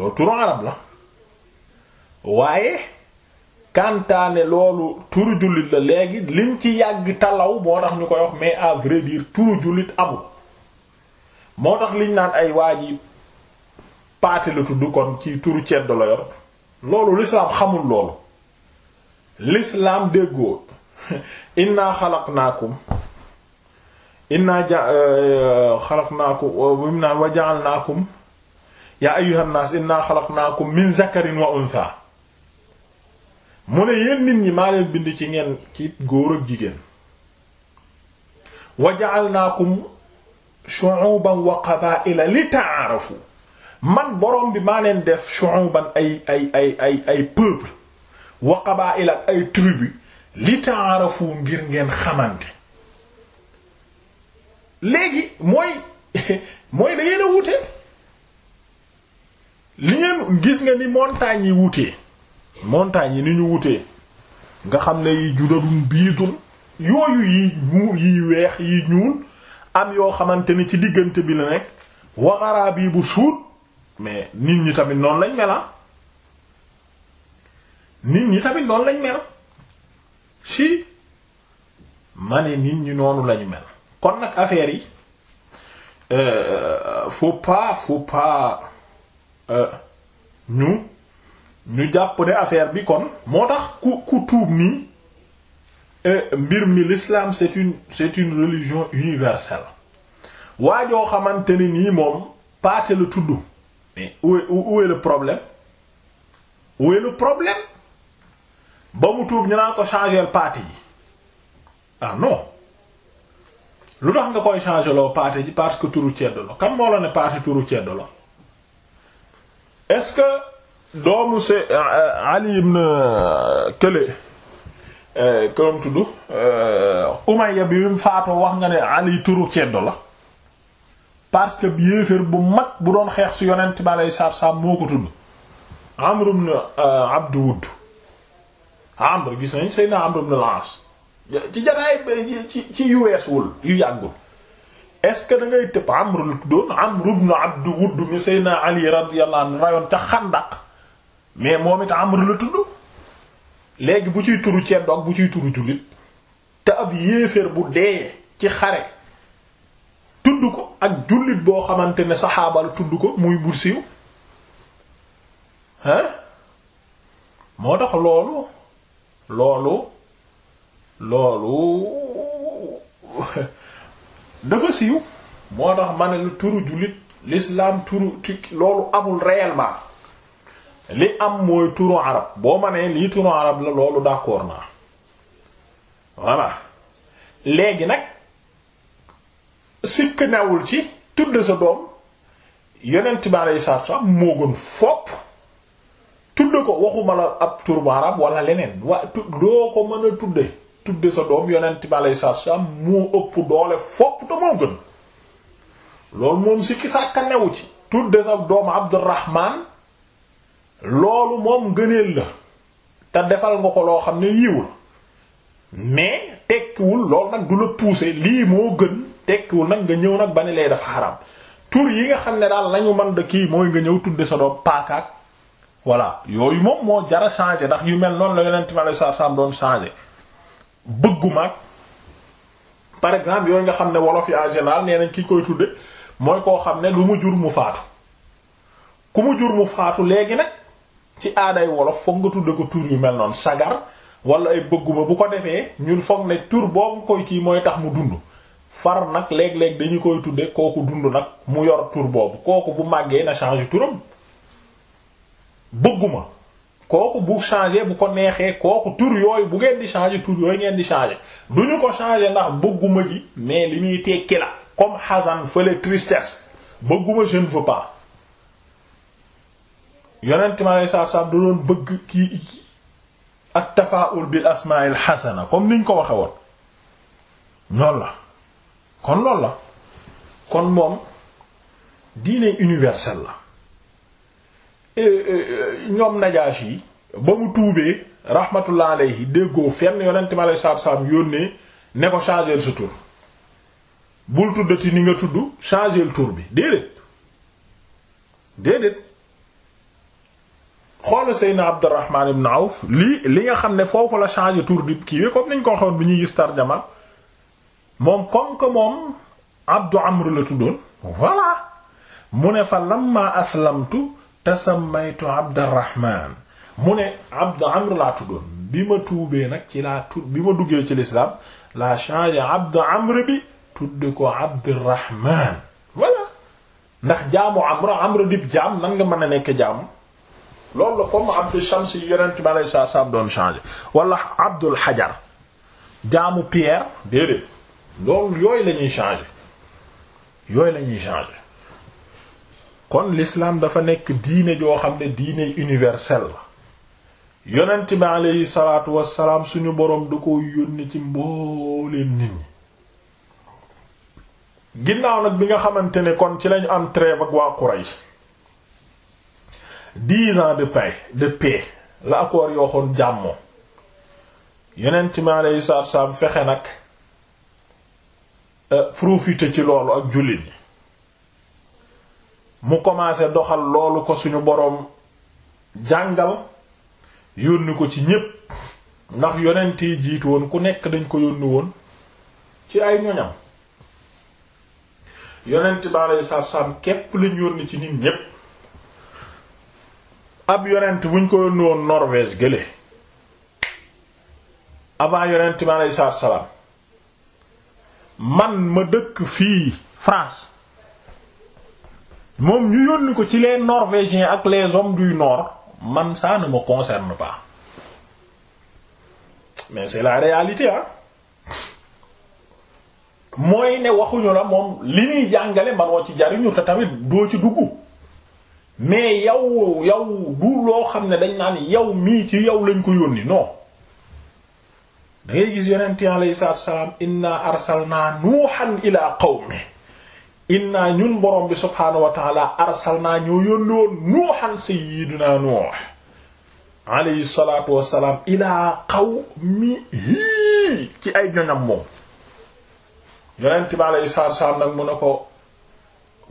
lool turu arab la waaye kantaane loolu turu jullit la léegi liñ ci yàgg talaw moo tax ñu ko wax mais à vrai dire turu jullit amul moo tax liñ naan ay waa ji paate tudd kon ci turu ceddo la yor loolu lislaam xamul loolu lislaam déggoo inna xalaqnaakum inna ja euh, xalaqnaakum im naan wa ja'alnaakum yaa ayyuhan naas inna xalaqnaakum min zakarin wa untha mu ne yéen nit ñi maa leen bind ci ngeen ci góor ak jigéen wa ja'alnaakum shu'uban wa qabaa'ila li ta'aarafu man borom bi maa leen def shu'uban ay ay ay ay ay peuple ak ay tribu li ta'aarafu ngir ngeen xamante léegi mooy mooy da a wuute li ngeen gis nga ni montagnes yi wuutee montagnes yi ni ñu wutee nga xam ne yi judadun biidun yooyu yi ñuul yi weex yi ñuul am yoo xamante ni ci diggante bi la nekk waxaraab yi bu suut mais nit ñi tamit noonu lañ mela ah. nit ñi tamit noonu lañ mel si ma ne nit ñi noonu lañu mel kon nag affaire yi euh, faut pas faut pas euh, ñu ñu jàpp ne affaire bi kon moo tax ku ku tuub nii eh, mbir mi lislaam c'est une c'est une religion universelle waa xamante ni nii moom paate la tudd mais où est problème où est problème ba mu tuub ñu naan ko changer paate yi ah non lu tax nga koy changer loo paate ji parce que turu ceddo la kan moo la ne paate turu ceddo la doomu se eh, eh, Ali ibn eh, Kële këram tudd Umayya bi mu faatoo wax nga ne Ali turu ceddo la parce que bi yéeféer bu mag bu doon xeex si yonent bi aleyhi salaatu salaam moo ko tudd Amr ibn Abd Wudd Amr gis nañ Seydina weesuwul yu ce que da ngay tëb Amr la tuddoon mi Seydina Ali radiyallahu anhu rayoon ca Xandaq mais moom it amr la tudd léegi bu ciy turu ceddo ak bu ciy turu jullit te ab yéeféer bu dee ci xare tudd ko ak jullit boo xamante ne saxaaba la tudd ko muy bur siw hein moo tax loolu loolu loolu dafa siiw moo tax ma ne lu turu jullit l'islam turu loolu amul réellement li am mooy turu arab boo ma nee lii turu arab la loolu d'accord naa voilà léegi nag sikk newul ci tudd sa doom yonent bi aleyhi salaatu salaam moo gën fopp ab turu wala leneen waa tudd mën a tudde tudde sa doom yonent bi aleyhi salaatu salaam ëpp doole fopp te gën loolu moom sikki sàkka newu ci tudde sa doom Abdurrahman loolu moom ngëneel la te defal nga ko loo xam ne yiiwul mais tekkiwul lool nag du la pousser lii moo gën tekkiwul nag nga ñëw nag ba ne lay dafa xaram tur yi nga xam ne daal lañu mën da kii mooy nga ñëw tudde sa doom paakaak voilà yooyu moom moo jara changer ndax yu mel noonu la yonent ma la sa sam doon changer bëggumaag par exemple yooyu nga xam ne wolof yi en général nee nañ ki koy tudde mooy koo xam ne lu mu jur mu faatu ku mu jur mu faatu léegi nag ci aaday wolof foog nga tudd ko tur yu mel noonu sagar wala ay bëgguma bu ko defee ñun foog ne tur boobu koy kii mooy tax mu dund far nag léeg-léeg dañu koy tudde kooku dund nag mu yor tur boobu kooku bu màggee na changer turam bëgguma kooku bu changer bu ko neexee kooku tur yooyu bu ngeen di changer tur yooyu ngeen di changer du ñu ko changer ndax bëgguma ji mais li muy tekki la comme xasan fële tristesse bëgguma jeune ne veux yonent mi aleyhi salaatu du doon bëgg kii ak tafaa'ul bil asmaa'il xasana comme niñ ko waxe woon loolu la kon loolu la kon moom diine universel la euh, ñoom Najaashi yi ba mu tuubee rahmatullah alayhi déggoo fenn yonent mi aleyhi salaatu salaam yónnee ne ko changer sa tur bul tuddati ni nga tudd changer tour bi déedéet déedéet xoolal Seydina Abdurrahman ibn Awf lii li nga xam ne foofu la changé tour di kii comme niñ ko waxoon bi ñuy gis tarjama moom comme que moom Abdu Amr la tuddoon voilà mu ne fa lamma aslamtu tasammaytu Abdurrahman mu ne Abdu Amr laa tuddoon bi ma tuubee nag ci laa tur bi ma duggee ci l'islam laa changé Abdu Amr bi tudde ko Abdurrahman voilà ndax jaamu Amr Amr dib jaam nan nga mën a nekk jaam loolu la comme Abdu Shams yi yonent bi alayhi doon changé wala Abdul Hajar jaamu pierre déedéet loolu yooyu lañuy ñuy changé yooyu la ñuy changé kon lislaam dafa nekk diine joo xam ne diine universelle la yonent bi alayhi suñu borom du ko yónni ci mbooleem nit ñi ginnaaw nag bi nga xamante ne kon ci lañu am trêve ak waa Quraysh dix ans de paix de paix la accord yoo xoon jàmmoo yeneen mi aleyhi salaatu salaam fexe nag euh, profiter ci loolu ak jullit ñi mu commencé doxal loolu ko suñu boroom jàngal yónni ko ci ñépp ndax yonent yi jiitu woon ku nekk dañ ko yónni woon ci ay ñoñam yonent bi aleyhi salaatu salaam képp lañ yónni ci nit ñépp ab yonent buñ ko yónni woon Norvège gële avant yonent bi aleyhi salaatu salaam man ma dëkk fii France moom ñu yónni ko ci les Norvégiens ak les hommes du Nord man ça ne me concerne pas mais c'est la réalité ah mooy ne waxuñu la moom li ñuy jàngale manoo ci jariñu te tamit doo ci dugg mais yow yow du loo xam ne dañ naan yow mii ci yow lañ ko yónni noo da ngay gis yonente alayhi salaatu wassalaam inna arsalnaa nuuhan ila qawmi inna ñun borom bi subhaanahu wa taala arsalnaa ñoo yónni woon nuuhan sayyidina nuuh alayhi salaatu wassalaam ila qawmihi ci ay ñoñam moom yonente bi alayhi salaatu wassalaam nag mu ne ko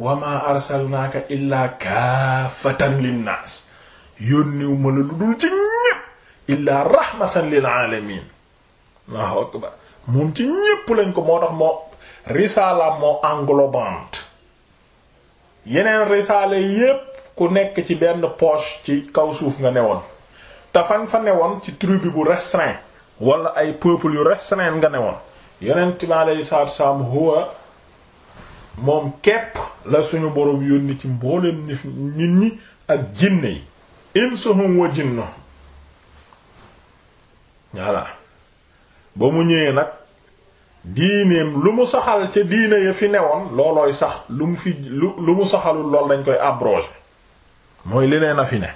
wa ma arsalnaaka illaa kaafatan linnaas yónniw ma la lu dul ci ñépp illaa rahmatan lil alamin moom ci ñépp lañ ko moo tax moo risaala moo englobante yeneen risaala yépp ku nekk ci benn poche ci kaw suuf nga newoon te fan fa newoon ci tribu bu restreint wala ay peuple yu restreint nga newoon yonent bi alayhi salaatu wa salaam huwa moom kepp la suñu borom yónni ci mbooleem nit ñi ak jinne yi insuhum wa jinna voilà ba mu ñëwee nag diineem lu mu saxal ca diine ya fi newoon loolooy sax lu mu fi lu lu mu saxalul lool dañ koy abrogé mooy leneen a fi ne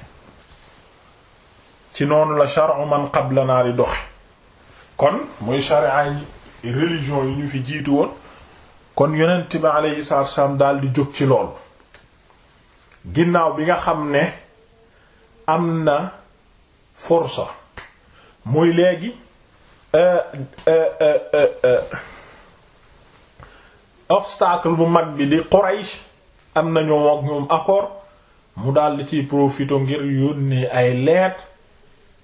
ci noonu la shar'u man qablanaa di doxe kon muy sharia yi religion yi ñu fi jiitu woon kon yonent bi aleyhi salaatu wasalaam daal di jóg ci lool ginnaaw bi nga xam ne am na forsa muy léegi euh, euh, euh, obstacle bu mag bi di Quraysh am nañu ak ñoom accord mu daal di ciy profiter ngir yónnee ay leet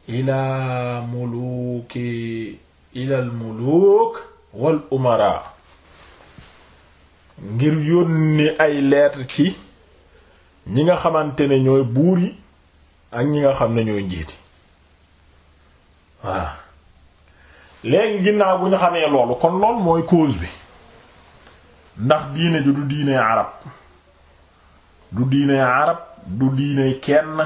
ilaa muluki ilal muluk wal umara ngir yónni ay lettre ci ñi nga xamante ne ñooy buur yi ak ñi nga xam ne ñooy njiiti waaw léegi ginnaaw bu ñu xamee loolu kon lool mooy cause bi ndax diine ju du diine arab du diine arab du diine kenn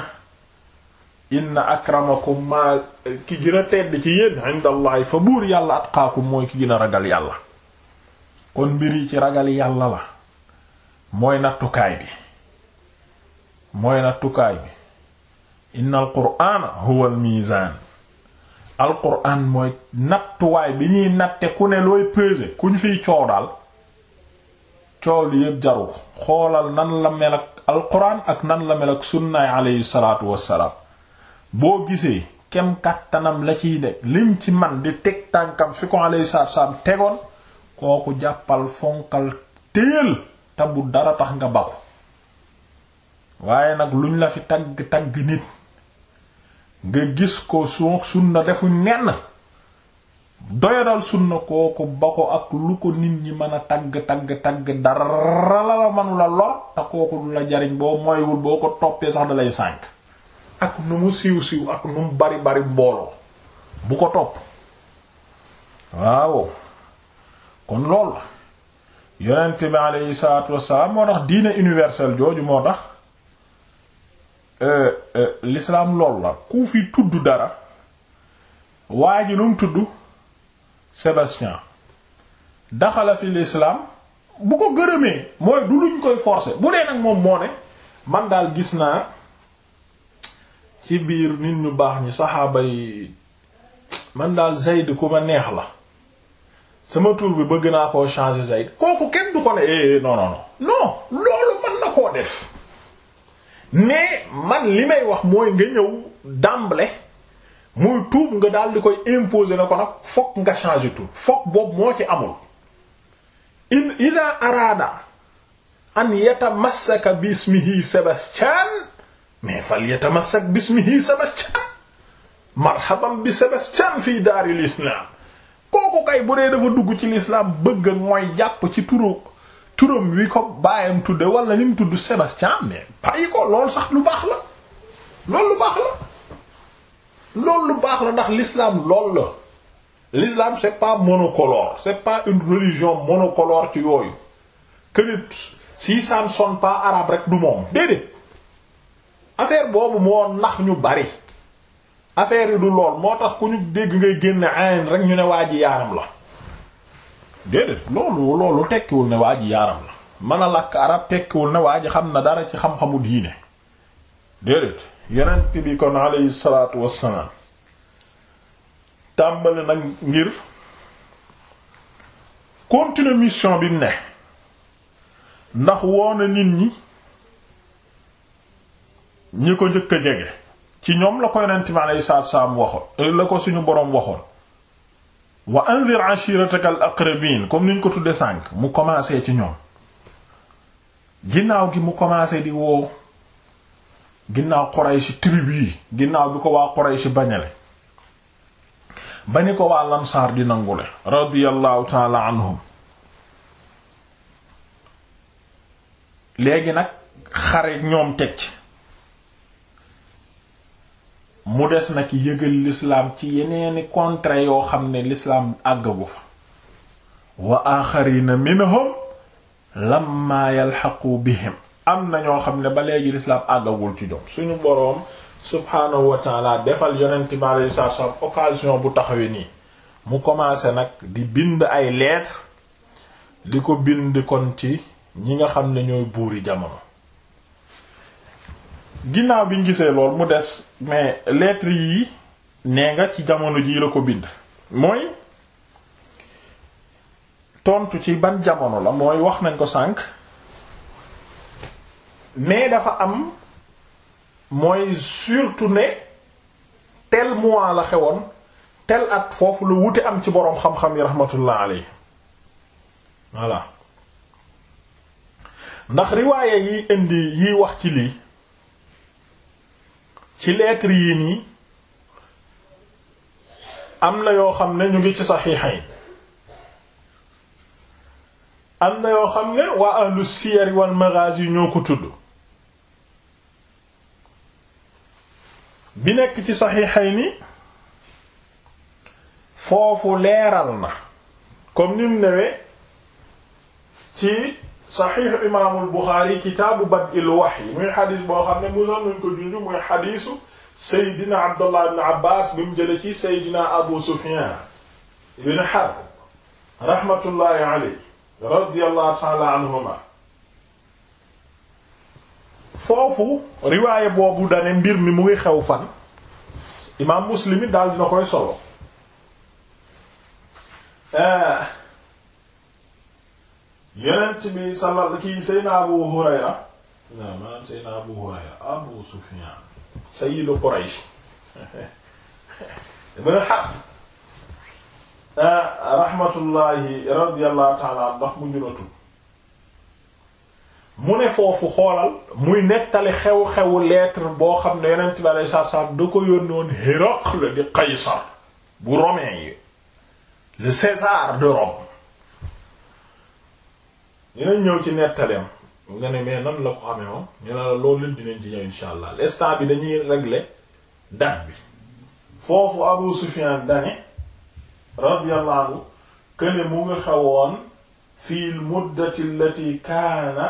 inna akramakum ma ki gën a tedd ci yéen indallahi fa buur yàlla atqaakum mooy ki gën a ragal yàlla kon mbir yi ci ragal yàlla la mooy nattukaay bi mooy nattukaay bi inna al qur'ana huwa al mooy nattuwaay bi ñuy natte ku ne looy peser kuñ ñu fiy coow daal coow li yëpp jaru xoolal nan la mel ak al ak nan la mel ak sunnaay alayhi salaatu boo gisee kem kàttanam la ciy def lim ci man di teg tànkam fi ko alayhi tegoon kooku jàppal fonkal téel te bu dara tax nga baku waaye nag luñ la fi tagg tagg nit nga gis ko su na defuñ nenn doyadal sunna kooku ba ko ak lu ko nit ñi mën a tagg tagg tagg dara la la manula lor te kooku du la jariñ boo moywul boo ko toppee sax dalay sànk ak nu mu siiw siiw ak nu mu bari bari mbooloo bu ko topp waaw kon loolu la yonent bi aleyhi salaatu wassalaam moo tax diine universel jooju moo tax euh, euh, l'islam lool la ku fi tudd dara waa ji nu mu tudd Sébastien daxala fi l'islam bu ko gërëmee mooy du luñ koy force bu dee nag moom moo ne man daal gis naa ci biir nit ñu baax ñu saxaaba yi man daal Zayd ku ma neex la sama tur bi bëgg naa koo changer Zayd kooku kenn du ko ne eh, eh non non non non loolu mën na koo def mais man li may wax mooy nga ñëw d'emblée muy tuub nga daal di koy imposer na ko nag fokk nga changer tur fokk boobu moo ci amul in ida araada an yatamassaka bismihi Sébastien mais fal yatamassak bismihi Sébastien marhaban bi Sébastien fii daaril islam kooku kay bu dee dafa dugg ci lislaam bëgg ak mooy jàpp ci turu turam wi ko bàyyam tudde wala ni mu tudd Sébastien mais bàyyi ko loolu sax lu baax la loolu lu baax la loolu lu baax la ndax lislaam lool la l'islam c'est pas monocolore c'est pas une religion monocolore ci yooyu que si ça ne sonne pas arabe rek du moom déedéet affaire boobu moo nax ñu bari affaire du lool moo tax ku ñu dégg ngay génn ayn rek ñu ne waa ji yaaram la déedéet loolu loolu tekkiwul ne waa ji yaaram la mën a làkk arab tekkiwul ne waa ji xam na dara ci xam-xamu diine déedéet yonent bi kon alayhi salaatu wassalaam tàmbali nag ngir continuer mission bi mu ne ndax woona nit ñi ñi ko njëkk jege ci ñoom la ko yonent mi alayhi salaatu salaam waxoon euh, la ko suñu boroom waxoon wa anzir ashirataka al aqrabin comme niñ ko tudde sànk mu commencé ci ñoom ginnaaw gi mu commencé di woo ginnaaw Quraysh tribu yi ginnaaw bi ko waa Quraysh bañale ba ni ko waa lamsaar di nangule radiyallahu taala anhum léegi nag xare ñoom teg ci mu des nag yëgal lislaam ci yeneeni contrées yoo xam ne lislaam àggagu fa wa axarina minhum lamma yalxaqu bihim am na ñoo xam ne ba léegi lislaam àggagul ci ñoom suñu boroom subhaanahu wa defal yonent bi alayhi salaatu wa salaam occasion bu taxawee nii mu commencé nag di bind ay lettres di ko bind kon ci ñi nga xam ne ñooy buuri jamono ginnaaw bi ñu gisee lool mu des mais leetre yi nee nga ci jamono ji la ko bind mooy tontu ci ban jamono la mooy wax nañ ko sànq mais dafa am mooy surtout ne tel mois la xewoon tel at foofu lu wuti am ci boroom xam-xam yi rahmatullah alay voilà ndax riwaaye yi indi yiy wax ci lii ci lettre yi nii am na yoo xam ne ñu ngi ci saxiixayn am na yoo xam ne waa ahlu siyar wal maghazi ñoo ko tudd bi nekk ci saxiixayni foofu leeral na kon ni mu ci saxiix imaamul Buxaari kitaabu bad'il wahyi muy xadis boo xam ne mu nañ ko junj muy xadisu Seydina Abdullah ibn Abbas bi mu jëlee ci Seydina Abu Sufyaan ibn Harb rahmatullahi alayhi radiyallahu ta'ala anhuma foofu riwaaye boobu dane mbir mi mu ngi xew fan imaam Muslim daal dina koy solo. Eh, yonent bi sallal kii Seydina Abu Hurayra non maanaam Seydina Abu Hurayra Abu Sufyan sayyidu Quraysh ibn Harb ah, rahmatullahi radiyallahu ta'ala ndax mu ñu mu ne foofu xoolal muy nettali xew xew lettre boo xam ne yonent bi alayhi salaatu salaam da ko yónnoon Héracle di Qaysar bu romain yi le César de Rome dinañ ñëw ci nettaleem nga ne mais nan la ko xamee moom ñu la loolu leen dinañ ci ñëw insha allah l'instant bi dañuy régler date bi foofu Abu Sufyan dane radiyallahu anhu këne mu ngi xewoon fii muddati allati kaana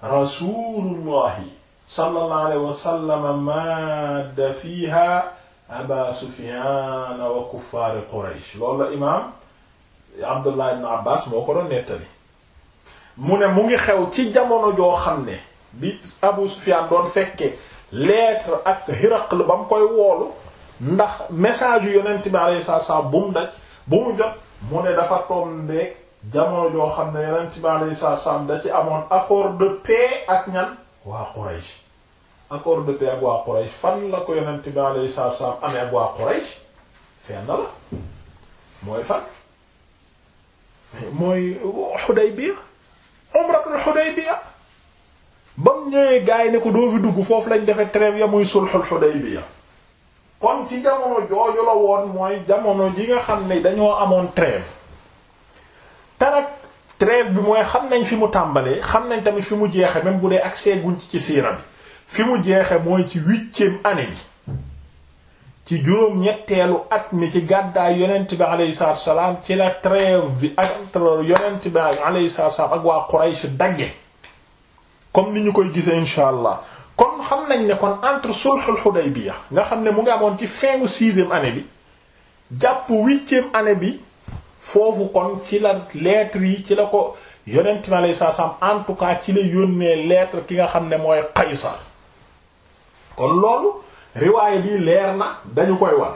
rasulullahi sallallahu alayhi wa sallam maada fiiha aba Sufyan wa kuffaari Quraysh loolu la imaam Abdullah ibn Abbas moo ko doon nettali mu ne mu ngi xew ci jamono joo xam ne bi Abu Sufyan doon fekke lettre ak la ba mu koy woolu ndax message yu yonent bi alayhi salaam bu mu daj bu mu jot mu ne dafa tombeek jamono joo xam ne yonent bi alayhi salaam da ci amoon accord de paix ak ñan waa Quraysh accord de paix ak waa Quraysh fan la ko yonent bi alayhi salaam amee ak waa Quraysh fenn la mooy fan mooy Hudaybiya umratul Hudaybiya ba mu ñëwee gaay ne ko doo fi dugg foofu lañ defee trêve ya muy sulhul Hudaybiya kon ci jamono jooju woon mooy jamono ji nga xam ne dañoo amoon trêve te nag bi mooy xam nañ fi mu tàmbalee xam nañ tamit fi mu jeexe même bu dee ak seeguñ ci ci siira bi fi mu jeexe mooy ci huitième année bi ci juróom-ñetteelu at mi ci gàddaay yonent bi alayhi salaatu salaam ci la trêve bi entre yonent bi alayhi salaatu salaam ak waa Quraysh dagge comme ni ñu koy gisee incha allah kon xam nañ ne kon entre sulhul Hudaybiya nga xam ne mu ngi amoon ci fin wu sixième année bi jàpp huitième année bi foofu kon ci la lettre yi ci la ko yonent bi alayhi salaatu salaam en tout cas ci la yónnee lettre ki nga xam ne mooy Qaysar kon loolu. riwaaya bii leer na dañu koy war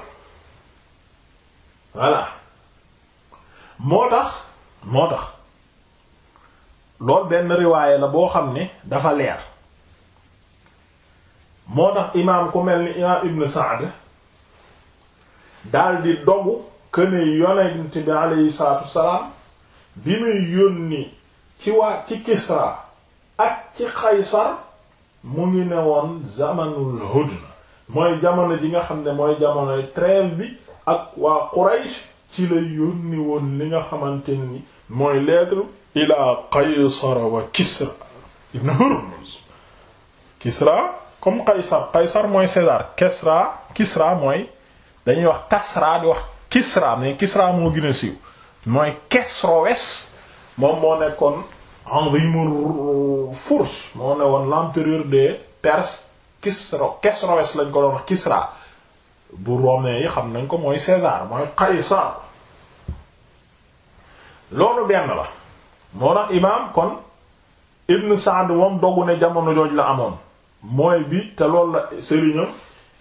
voilà moo tax moo tax loolu benn riwaaya la boo xam ne dafa leer moo tax imaam ku mel ni imaam Ibn Sa'd daldi dogu këne yonent bi aleyhi salaatu salaam bi muy yónni ci waa ci Kisra ak ci Qaysar mu ngi ne woon zamanul hudna mooy jamono ji nga xam ne mooy jamonoy trêve bi ak waa Quraysh ci la yónni woon li nga xamante ni mooy lettre ila Qaysar wa Kisra ibn Hurmuz Kisra comme Qaysar Qaysar mooy César Kisra mooy dañuy wax Kasra di wax Kisra mais Kisra moo gën a siiw mooy Kesroes moom moo nekkoon Anzimur Furs moo ne woon l'empereur des Perses Kisra Kesroes lañ ko doon wax Kisra bu romain yi xam nañ ko mooy César mooy Qaysar loolu benn la moo tax imaam kon Ibn Sa'd moom dogu ne jamono jooj la amoon mooy bi te loolu la sëriñam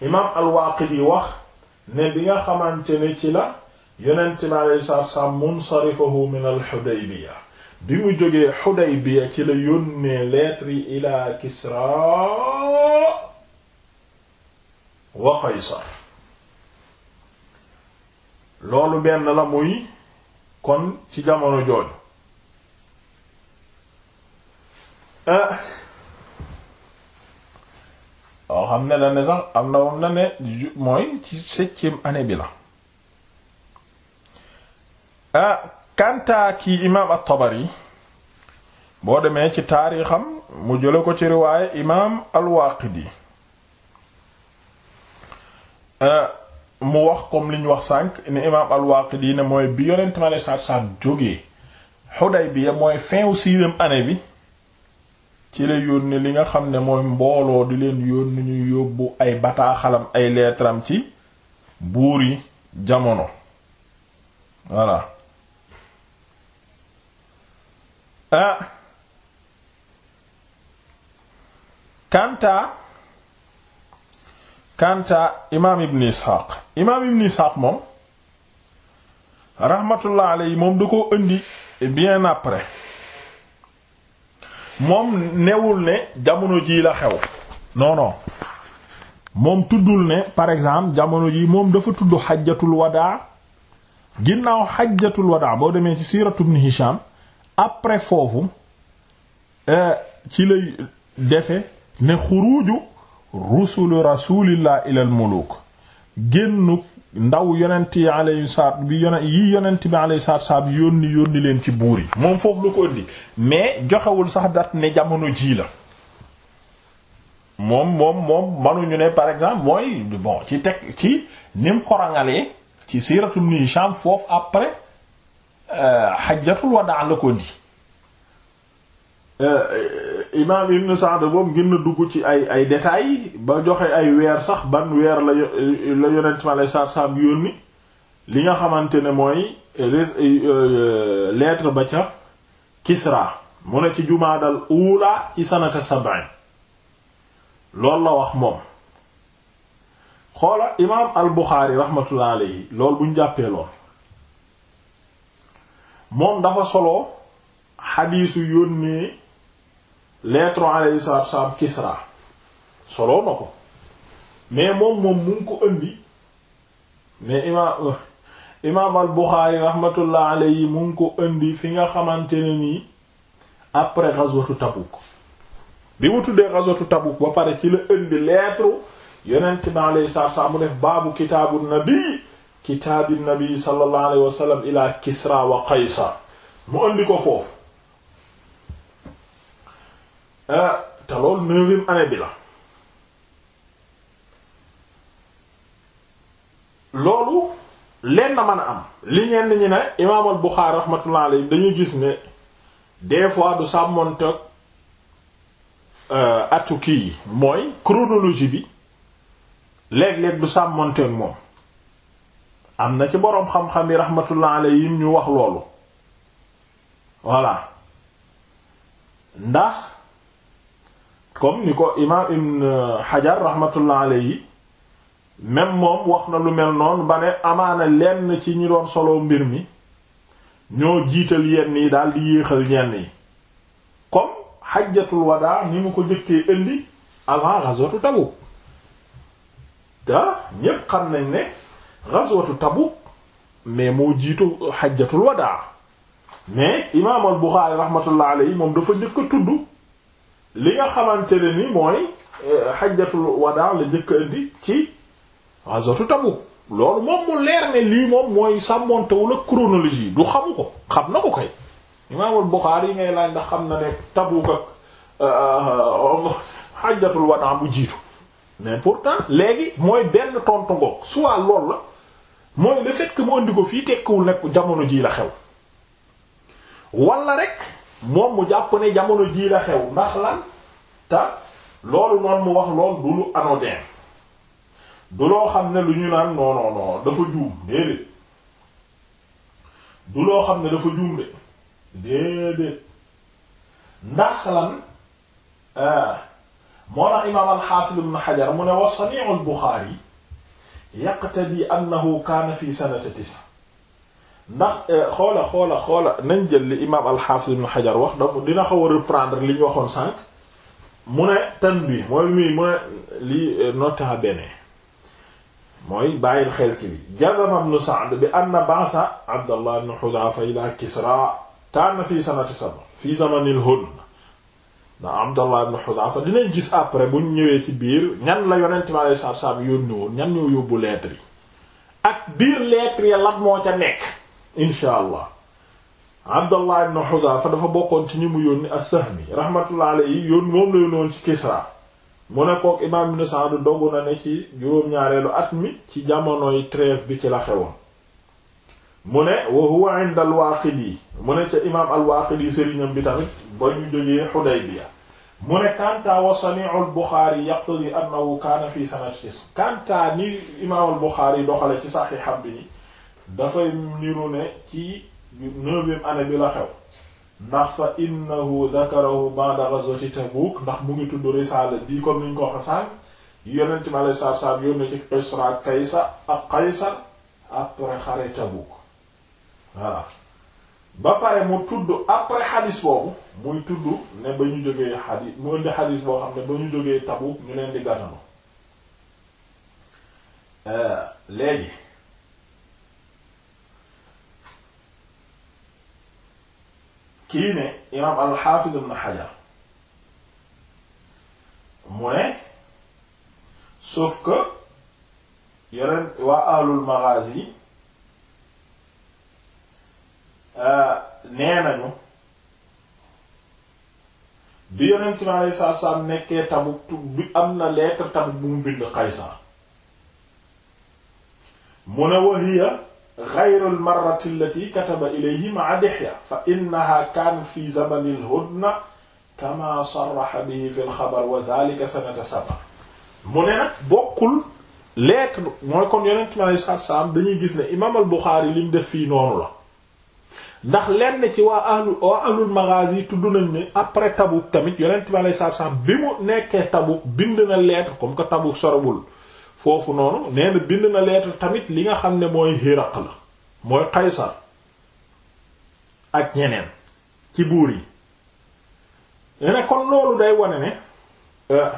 imaam al-Waaqidi wax ne bi nga xamante ne ci la yonent bi alayhi salaatu wassalaam munsarifahu min al-Hudaybiya bi mu jógee Hudaybiya ci la yónnee lettre yi ilaa Kisra wa qaysar loolu benn la muy kon ci jamono jooju eh. waaw xam ne la ne sax am na wam na ne mooy ci septième année bi la ah eh, kantaa ki imaam at-Tabari boo demee ci taarixam mu jële ko ci riwaaye imaam al-Waaqidi Euh, mu wax comme liñ wax sànq ni imaam al-Waaqidi ne mooy bi yonent ma ne saat-saat jógee Xudaybiya mooy fin wu sixième bi ci la yónni li nga xam ne mooy mbooloo di leen yónni ñu yóbbu ay bataaxalam ay leetaram ci buur yi jamono voilà ah kanta imaam ibn isxaaq imaam ibn isxaaq moom rahmatullah alayhi moom du ko indi bien après moom newul ne jamono ji la xew non moom tuddul ne par exemple jamono ji moom dafa tudd xajatul wadaa ginnaaw xajjatul wadaa boo demee ci siiratu ibn hisham après foofu euh, ci lay defe ne xuruju rusulu rasulillah ilal muluk génnu ndaw yonent yi alayhi bi yonent yi yonent bi alayhi salaatu salaam yónni yónni leen ci buur yi moom foofu la ko indi mais joxewul sax dat ne jamono jii la moom moom manuñu ne par exemple mooy bon ci teg ci nim xorangalee ci siiratu Ibn Hisham foofu après euh, hajjatul wadaa la ko indi euh, imaam Ibn Sa'd boobu gën a dugg ci ay ay détails ba joxe ay weer sax ban weer la la yonent ma lay saar li nga xamante ne mooy euh, lettre ba ca Kisra mu ne ci jumaadal uulaa ci sanata sab'in loolu la wax moom xoola imaam al Buxaari rahmatullah alayhi loolu bu jàppee lool moom dafa solo xadiisu yónnee lettre alayhi salaatu wasalaam Kisra soloo na ko mais moom moom mu ko ëndi mais imaam imaam al Buxaari rahmatullah alayhi mu ngi ko ëndi fi nga xamante ne nii après ghazwatu Tabuk bi mu tuddee ghazwatu Tabuk ba pare ci la ëndi lettre yonent bi alayhi salaatu wasalaam mu def baabu kitaabu nabi kitaabi nabi sallallahu alayhi wa sallam ila Kisra wa Qaysar mu ëndi ko foofu Ah, te lool neuvième année bi la loolu leen na mën am li ñenn ñi ne imaamal Buxaari rahmatullah alayhi dañuy gis ne des fois du sàmmonteeg euh, atu kii yi mooy chronologie bi léeg-léeg du sàmmonteeg moom am na ci boroom xam-xam yi rahmatullah yi ñu wax loolu voilà ndax comme ni ko imaam ibn Hajar rahmatullah alayhi même moom wax na lu mel noonu ba ne amaana lenn ci ñi doon solo mbir mi ñoo jiital yenn yi daal di yéexal ñenn yi comme xajjatul wadaa ni mu ko jëkkee indi avant ghazwatu Tabuk te ñépp xam nañ ne ghazwatu Tabuk mais moo jiitu xajjatul wadaa mais imaam al Buxaari rahmatullah yi moom dafa jëkk a tudd li nga xamante ne ni mooy xajjatul euh, wadaa la njëkk indi ci ghazwatu Tabuk loolu moom mu leer ne lii moom mooy sàmmontewul ak chronologie du xamu ko xam na ko ñu kay imaamul Buxaari yi ngay laay ndax xam na ne ko ak xajjatul euh, euh, wadaa bu jiitu mais pour pourtant léegi mooy benn tontu ngoog soit loolu la mooy le fait que mu indi ko fii tekkiwul nekk jamono jii la xew wala rek moom mu jàpp ne jamono jii la xew ndax lan ta loolu noonu mu wax lool du lu anodin du loo xam ne lu ñu naan non non dafa juum déedéet du loo xam ne dafa juum de déedéet ndax lan ah, moo tax imaam al-Hafiz ibn Hajar mu ne wa sani'u al-Bukhari yaqtadi annahu kaana fi sanati tis'a ndax euh, xoola xoola xoola nañ jël li imaam al-Hafiz ibn wax dafa dina xaw a reprendre li ñu waxoon sànq mu ne tan bi mooy muy mu ne li euh, nota bene mooy bàyyil xel ci bi jazama ibn Sa'd bi anna ba'tha Abdallah ibn Hudhafa ila Kisra kaana fi sanati sab'a fi zamanil hun ndax Abdallah ibn Hudhafa dinañ gis après bu ñu ñëwee ci biir ñan la yonent mi alayhi salaatu salaam yónni woon ñan ñoo yóbbu lettre ak biir lettre ya lan moo ca nekk insha allah abdallah ibn Hudhafa dafa bokkoon ci ñi mu yónni as-Sahmi rahmatullah alayhi yoon moom la yónnoon ci Kisra mu ne kook imaam ibn Sa'd dogu na ne ci juróom-ñaareelu at mi ci jamonoy trêve bi ci la xewoon mu ne wa huwa inda al-Waaqidi mu ne ca imaam al-Waaqidi sëriñam bi tamit ba ñu jógee Hudaybiya mu ne kantaa wa sani'ul Buxaari yaqtadi annahu kaana fi sanati kanta ni imaam al-Buxaari doxale ci saxiixam bi ni dafay niru ne ci neuvième anne bi la xew ndax fa innahu dhakarahu ba'da ghazwati Tabuk ndax mu ngi tudd risaala bii comme niñ ko waxe sànq yonent mi alei satu salaam yónne ci Kisra Kaysa ak Qaysar après xare Tabuk voilà ba pare mu tudd après xadis boobu muy tudd ne ba ñu jógee xadis mu indi xadis boo xam ne ba ñu jógee Tabuk ñu leen di gàttanu euh, léegi kii ne imaam alxaafiz ibn mu ne sauf que yeneen waa ahlul maghazi euh, nee nañu bi yonent mi alayhi salaatu salaam nekkee Tabuk bi am na lettre Tabuk bu mu bind Qaysar mu ne wahiya ghayra al-marrati allati kataba ilayhi ma'a Dihya fa innaha kaanat fi zamani al-hudna kama sarraha bihi fi al-khabar wa dhalika sanata sab'a mu ne nag bokkul lettre mooy kon yonent mi alayhi salaatu salaam dañuy gis ne imaam al-Bukhari li mu def fii noonu la ndax lenn ci waa ahlu waa ahlul maghazi tudd nañ ne après Tabuk tamit yonent mi alayhi salaatu salaam bi mu nekkee Tabuk bind na lettre comme que Tabuk sorobul foofu noonu nee na bind na lettre tamit li nga xam ne mooy Hiraq la mooy Qaysar ak ñeneen ci buur yi nee loolu day wane ne euh,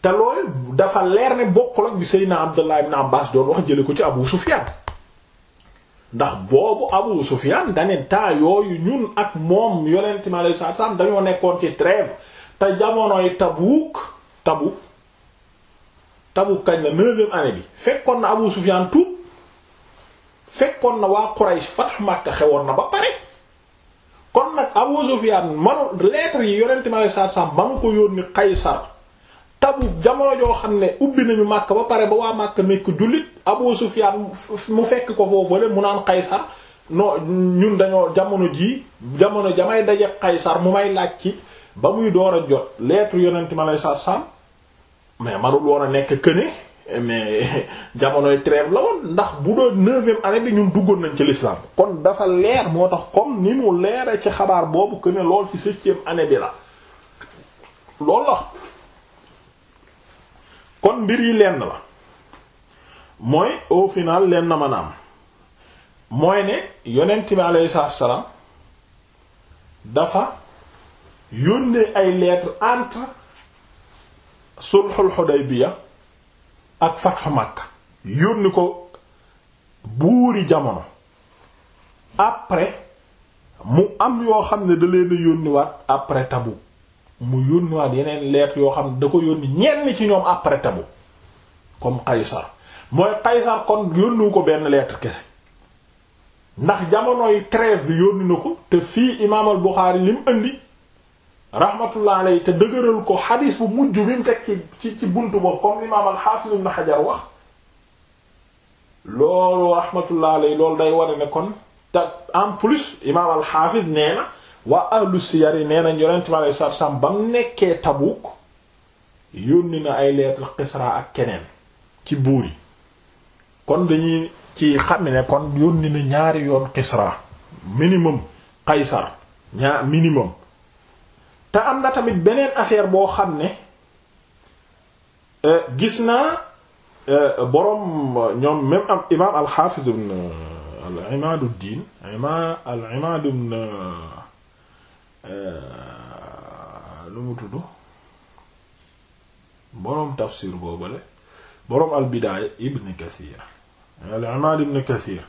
te loolu dafa leer ne bokkul ak bi Seydina Abdallah ibn Abbas doon wax jële ko ci Abu Sufyan ndax boobu Abu Sufyan dane taa yooyu ñun ak moom yonent mi alayhi salaatu salaam dañoo nekkoon ci trêve te jamonoy Tabuk tabu Tabuk kañ la neuvième année bi fekkoon na Abu Sufyaan tuub fekkoon na waa Quraysh fathu Makka xewoon na ba pare kon nag Abu Sufyaan manu lettre yi yonent mi alayhi salaatu salaam manu ko yónni Qaysar Tabuk jamono joo xam ne ubbi nañu Makka ba pare ba waa Makka nekk jullit Abu Sufyaan mu fekk ko foofule mu naan Qaysar non ñun dañoo jamono jii jamono jamay daje Qaysar mu may laaj ci ba muy door a jot lettre yonent mi alayhi salaatu mais manul woon a nekk këne mais jamonoy trêve la woon ndax bu doon neuvième année ñun duggoon nañ ci l'islam kon dafa leer moo tax comme ni mu leere ci xabaar boobu këne lool ci septième année bi la loolu la kon mbir yi lenn la mooy au final lenn na mën mooy ne yonent bi aleyhi salaatu dafa yónnee ay lettres entre sulxul Xudaybiya ak fatxu Makka yónni ko buuri jamono après mu am yoo xam ne da leen a yónniwaat après Tabu mu yónniwaat yeneen leet yoo xam ne da ko yónni ñenn ci ñoom après Tabu comme Qaysar mooy Qaysar kon yónniwu ko benn lettre kese ndax jamonoy trêve bi yónni na ko te fii imaam al Buxaari li indi rahmatullah alayhi te dëgëral ko xadis bu mujj bi mu teg ci ci ci buntu comme l'imam hafiz ibn Hajar wax loolu rahmatullah alayhi loolu day ware ne kon te en plus imam al-Hafiz nee na waa ahlu siyar yi nee nañ yonent bi alei satu selaam mu nekkee Tabuk yónni na ay lettre Kisra ak keneen ci buur yi kon dañuy ci xam kon yónni na ñaari yoon Kisra minimum Qaysar ñaar minimum te am na tamit beneen affaire boo xam ne euh, gis naa euh, boroom ñoom même am imaam al-Hafiz al-Imad ad-Din al-Imad ibn lu euh, mu tudd boroom tafsir boobale boroom al-Bidaya ibn Kathir al-Imad ibn Kathir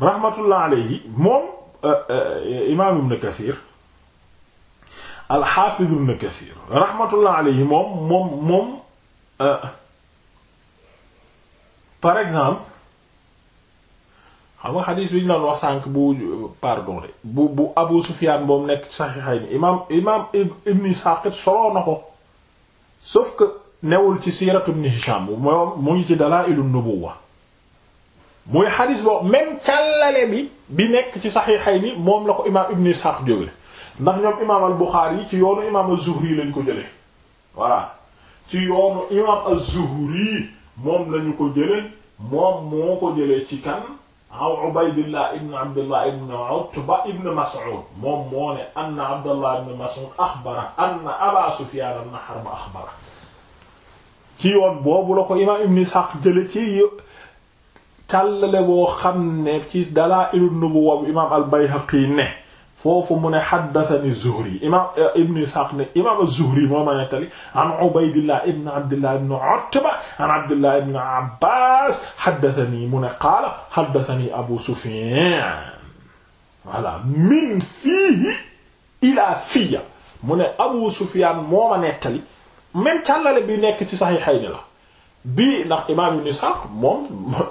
rahmatullah alayhi moom imaam ibn Kathir alxaafiz ibn Kasiir rahmatullah alayhi moom moom moom euh, par exemple xam nga xadiis bi ñu doon wax sànq bu pardon de bu bu Abu Sufyaan boobu nekk Saxiixayni imaam imaam Ibn Isaaq soloo na ko sauf que newul ci siiratu Ibn Hishaam moom mu ci Dalaa'il an-Nubuwwa muy xadiis boobu même càllale bi bi nekk ci Saxiixayni moom la ko imaam Ibn Isaaq jógele ndax ñoom imaam al-Bukhari yi ci yoonu imaam az-Zuhri lañ ko jële voilà ci yoon imaam az-Zuhri moom lañu ko jële moom moo ko jële ci kan aw Ubaydillah ibn Abdullah ibn Utba ibn Mas'ud moom moo ne anna Abdullah ibn Mas'ud axbara anna Aba Sufyan ibn Harb axbara ci yoon boobu la ko imaam ibn Ishaq jële ci càllale boo xam ne ci Dalaa'ilun Nubuwwa bu imaam al ne foofu mu ne xaddatani Zuhri imaam eh, Ibn Ishaq ne imaam Zuhri moo ma nettali an Ubaydillah ibn Abdillah ibn Utba an Abdillah ibn Abbas xaddatani mu ne qaala xaddatani Abu Sufyan voilà min fiihi ilaa fiya mu ne Abu Sufyan moo ma nettali même càllale bi nekk ci Sahihayni la bii ndax imaam Ibn Ishaq moom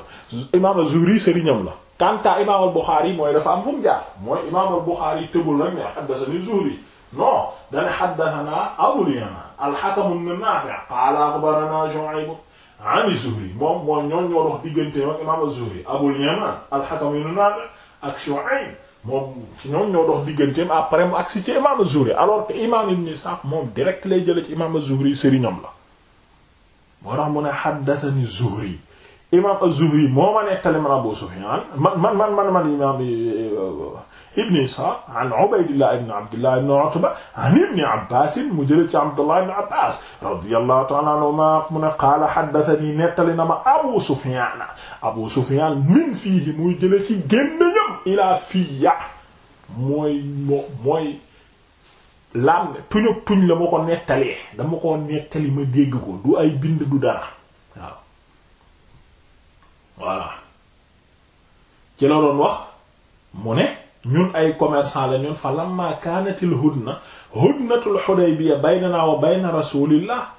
imaam Zuhri sëriñam la. kanta imaamal Buxaari mooy dafa fu mu jaar mooy imaamal Buxaari tëbul rek ne xaddasani Zuhri non dane xaddasanaa Abul Yamaan al-Hakam ibn Naafi' qaala axbaranaa Shu'ayb an Zuhri ak imaamal Zuhri moom ñoom dox digganteem après mu agsi ci imaam az-Zuhri alors imaam Ibn Ishaq moom direct lay jële ci imaam az-Zuhri sëriñam la moo na mu ne haddathani az-Zuhri imaam az-Zuhri moo ma nettali man Abu Sufyaan man man man man man imaam eh, eh, Ibn Isxaaq an Ubaydillah ibn Abdillah ibn Utba an Ibn Abbaas mu jëlee ci Abdullah ibn Abbaas radiyallahu ta'ala anhumaa mu ne qaala haddathanii nettali na ma Abu Sufyaan Abu Sufyaan min fiihi muy jëlee ci gémmiñam ilaa fiya mooy mooy laam tuñ tuñ la ma ko nettalee dama ko nettali ma dégg ko du ay bind du dara waaw. voilà ci la doon wax mu ne ñun ay commerçant la ñun fa lamma kaanatil hudna hudnatul Hudaybiya baynana wa bayna rasulillah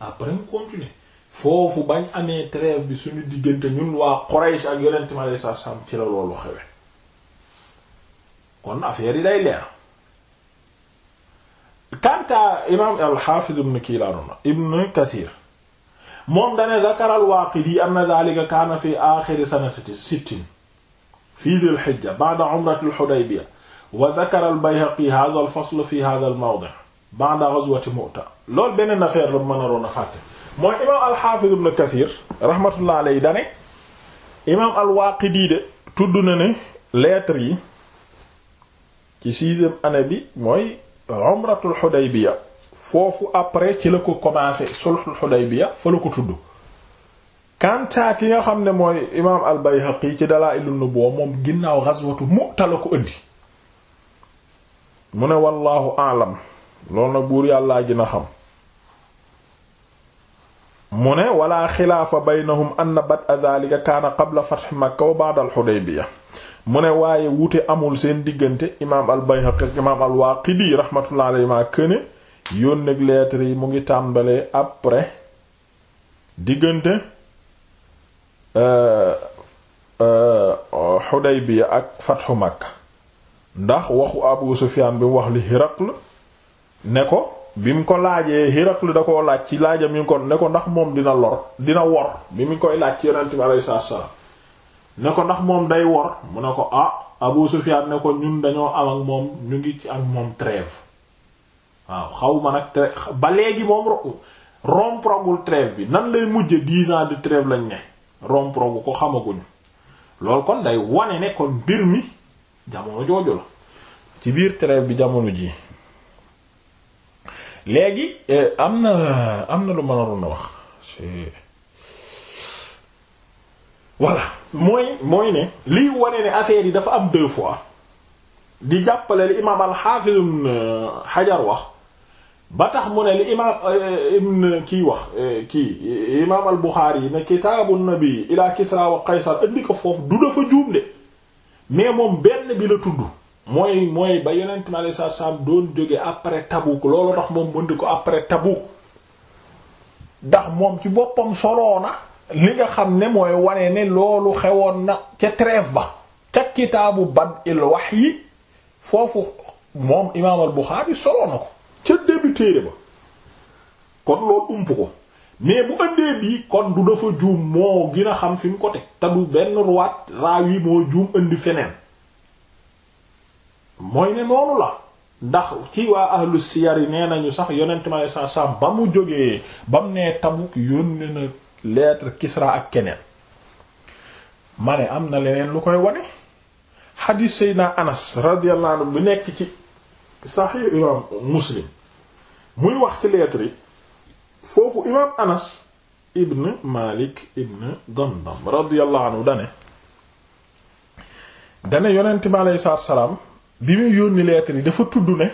après mu continuer foofu bañ amee trêve bi suñu diggante ñun waa Quraysh ak yonent mi alayhi salaatu ci la loolu xewe kon affaire yi day leer kanta imam al-Hafiz ibn Kilaaruna ibn Kathir moom dane zakara al-Waaqidi anna dhaalika fi aaxiri sanati sittin fi dhil hijja ba'da umrati al wa zakara al-Bayhaqi haadha fi haadha al-mawdi' ba'da Mu'ta loolu beneen affaire lama mën a roon a fàtte mooy imaam al-Haafiz ibn Kathiir rahmatullahi alayhi dane imaam de tudd na ne lettres yi mooy umratul Hudaybiyah foofu après ci la ko commencé sulhul Hudaybiya fa la ko tudd kantaa ki nga xam ne mooy imaam al-Bayhaqi ci Dalaa'ilun Nubuwwa moom ginnaaw ghazwatu Mu'ta la ko ëndi mu ne wallaahu a'lam loolu nag buur yàllaa gën a xam mu ne wala xilaafa baynahum anna bad'a dhalika kaana qabla fath Makka wa ba'da al mu ne waaye wuute amul seen diggante imaam al-Bayhaqi imaam al-Waaqidi rahmatullahi alayhi ma këne yónneeg lettre yi mu ngi tàmbalee après diggante euh, euh, bi ak fatxu Makka ndax waxu Abu Sufyaan bi wax li Hiraql ne ko bi mu ko laajee Hiraql da koo laaj ci laajam yi ko ne ko ndax moom dina lor dina wor bi mu koy laaj ci Yonent bi alayhi ne ko ndax moom day wor mu ne ko ah Abu Sufyaan ne ko ñun dañoo am ak moom ñu ngi ci ak moom trêve waaw xaw ma nag trêve ba léegi moom romprogul trêve bi nan lay mujje diis ans di trêve lañ ne romprogu ko xamaguñ lool kon day wane ne kon mbir mi jamono jooju la ci biir trêve bi jamono jii léegi eh, am na am na lu a naroon a wax voilà mooy mooy ne liy wane ne affaire yi dafa am deux fois di jàppale li imaam al-Hafiz Hajar wax ba tax mu ne li imaam eh, ibn kii wax eh, kii imaam al Buxaari yi ne kitaabu nabi ila Kisra wa Qaysar indi ko foofu du dafa juum de mais moom benn bi la tudd mooy mooy ba yonent mi alayhi salaatu salaam doon jóge après Tabuk loolu tax moom mënd ko après Tabuk ndax moom ci boppam soloo na li nga xam ne mooy wane ne loolu xewoon na ca trêve ba ca kitaabu Bad'il Wahyi foofu moom imaam al Buxaari soloo na ko ca début téere ba kon loolu ump ko mais bu ëndee bii kon du dafa juum moo gën a xam fi mu ko teg te du benn ruwaat raaw yi moo juum indi feneen mooy ne noonu la ndax ci waa ahlu siyar yi nee nañu sax yonent ma ne sax sax ba mu jógee ba mu nee Tabuk yónnee na lettre Kisra ak keneen ma ne am na leneen lu koy wane xadiis Seydina Anas radiyallahu anhu bu nekk ci saxiix imaam muslim muy wax ci lettre yi foofu imaam anas ibn malik ibn damdam radiyallahu anhu dane dane yonent mi aleyhi salaatu salaam bi muy yónni lettre yi dafa tudd ne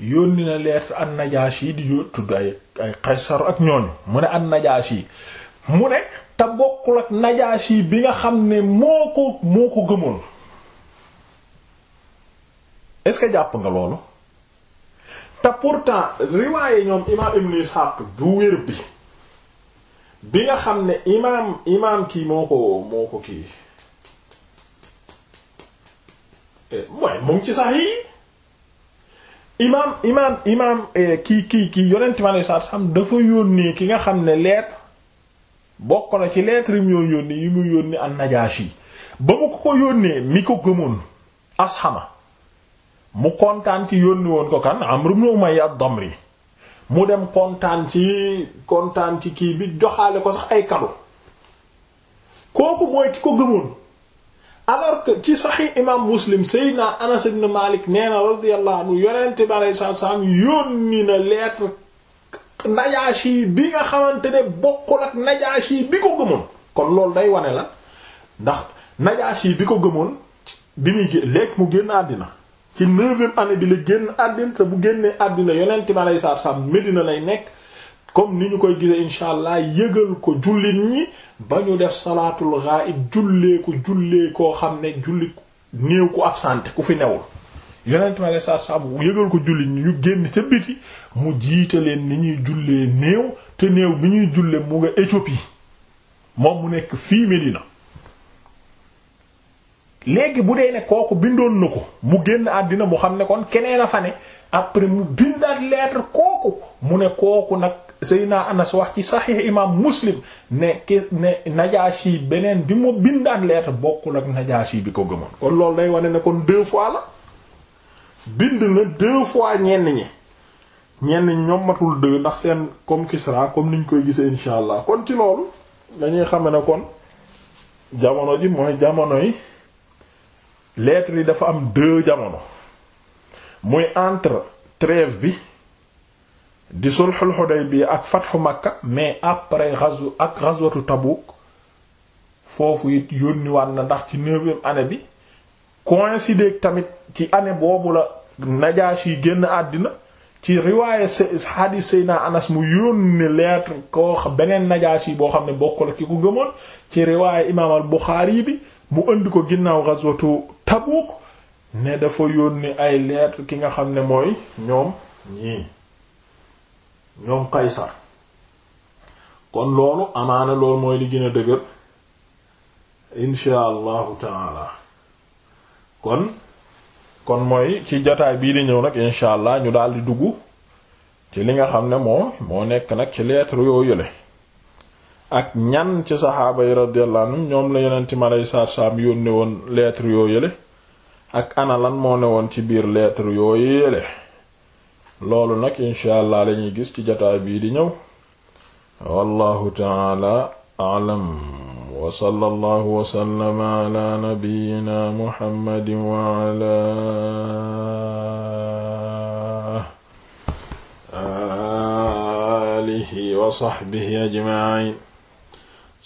yónni na lettre an najaashi yi di yó tudd ay ay qaysar ak ñooñu mu ne an najaashi yi mu ne te bokkul ak najaashi yi bi nga xam ne moo ko moo ko gëmoon est ce que jàpp nga loolu te pourtant riwaaye ñoom imaam ibn Ishaq bu wér bi bi nga xam ne imaam imaam ki moo ko moo ko kii eh, mooy mu ci sax yi imaam imaam imaam eh, kii kii kii yonent ma ne sax dafa yónnee ki nga xam ne lettre bokk na ci lettre yi mu yoon yónnee yi mu yónnee an ba mu ko ko yónnee mi ko gëmoon asxama mu kontaan ci yónni woon ko kan Amr ibn Umayya ad-Damri mu dem kontaan ci kontaan ci kii bi joxaale ko sax ay cadeau kooku mooy ki ko gëmoon alors que ci Sahih imam Muslim Seydina Anas ibn Malik nee na radiyallahu anhu yonente bi alayhi salaatu salaam yónni na lettre Najaashi bi nga xamante ne bokkul ak Najaashi bi ko gëmoon kon loolu day wane la ndax Najaashi bi ko gëmoon bi muy léegi génn àddina ci neuvième année bi la génn àddina te bu génnee àddina yonent ma lay saar sam Medina lay nekk comme ni ñu koy gisee incha allah yëgal ko jullit ñi ba ñu def salaatul ghaib jullee ko jullee koo xam ne julli néew ku absent ku fi newul yonent ma lay saar sam yëgal ko jullit ñi ñu génn ca biti mu jiite leen ni ñuy jullee néew te néew bi ñuy julle mu nga Éthiopie moom mu nekk fii Medina léegi bu dee ne kooku bindoon na ko mu génn àddina mu xam ne kon keneen a fa après mu bindaat lettre kooku mu ne kooku nag Seydina Anas wax ci saxiix imam Muslim ne ki ne Najaashi beneen bi mu bindaat lettre bokkul ak Najaashi bi ko gëmoon kon loolu day wane ne kon deux fois la bind na deux fois ñenn ñi ñenn ñi ñoom matul deux ndax seen comme Kisra comme niñ koy gisee insha allah kon ci loolu dañuy xame ne kon jamono ji mooy jamono yi lettre yi dafa am deux jamono muy entre treve bi di sulhul bi ak fathu Makka mais après ghazw ak ghazwatu Tabuk foofu it yónniwaat na ndax ci neuvième année bi coïncider tamit ci année boobu la Najaashi yi génn àddina ci riwaaye hadith Seydina Anas mu yónni lettre ko beneen Najaashi yi boo xam ne bokk la ki ku gëmoon ci riwaaye imaam al Buxaari bi mu indi ko ginnaaw ghazwatu Tabuk ne dafa yónni ay lettre ki nga xam ne mooy ñoom ñii ñoom Kaysar kon loolu amaana loolu mooy li gën a dëgër insha allahu kon kon mooy ci jotaay bii di ñëw nag insha allah ñu daal di dugg ci li nga xam ne moo moo nekk nag ci lettre yoo yële ak ñan ci saxaaba yi radiyallahu anhum ñoom la yonent mi alayhi salaatu salaam yónne woon lettre yoo yële ak ana lan moo ne woon ci biir lettre yoo yële loolu nag incha allah lañuy gis ci jotaay bii di ñëw wallahu ta'ala a'lam wa sallallahu wa sallama ala nabiyyina muhammadin wa ala alihi wa sahbihi ajma'in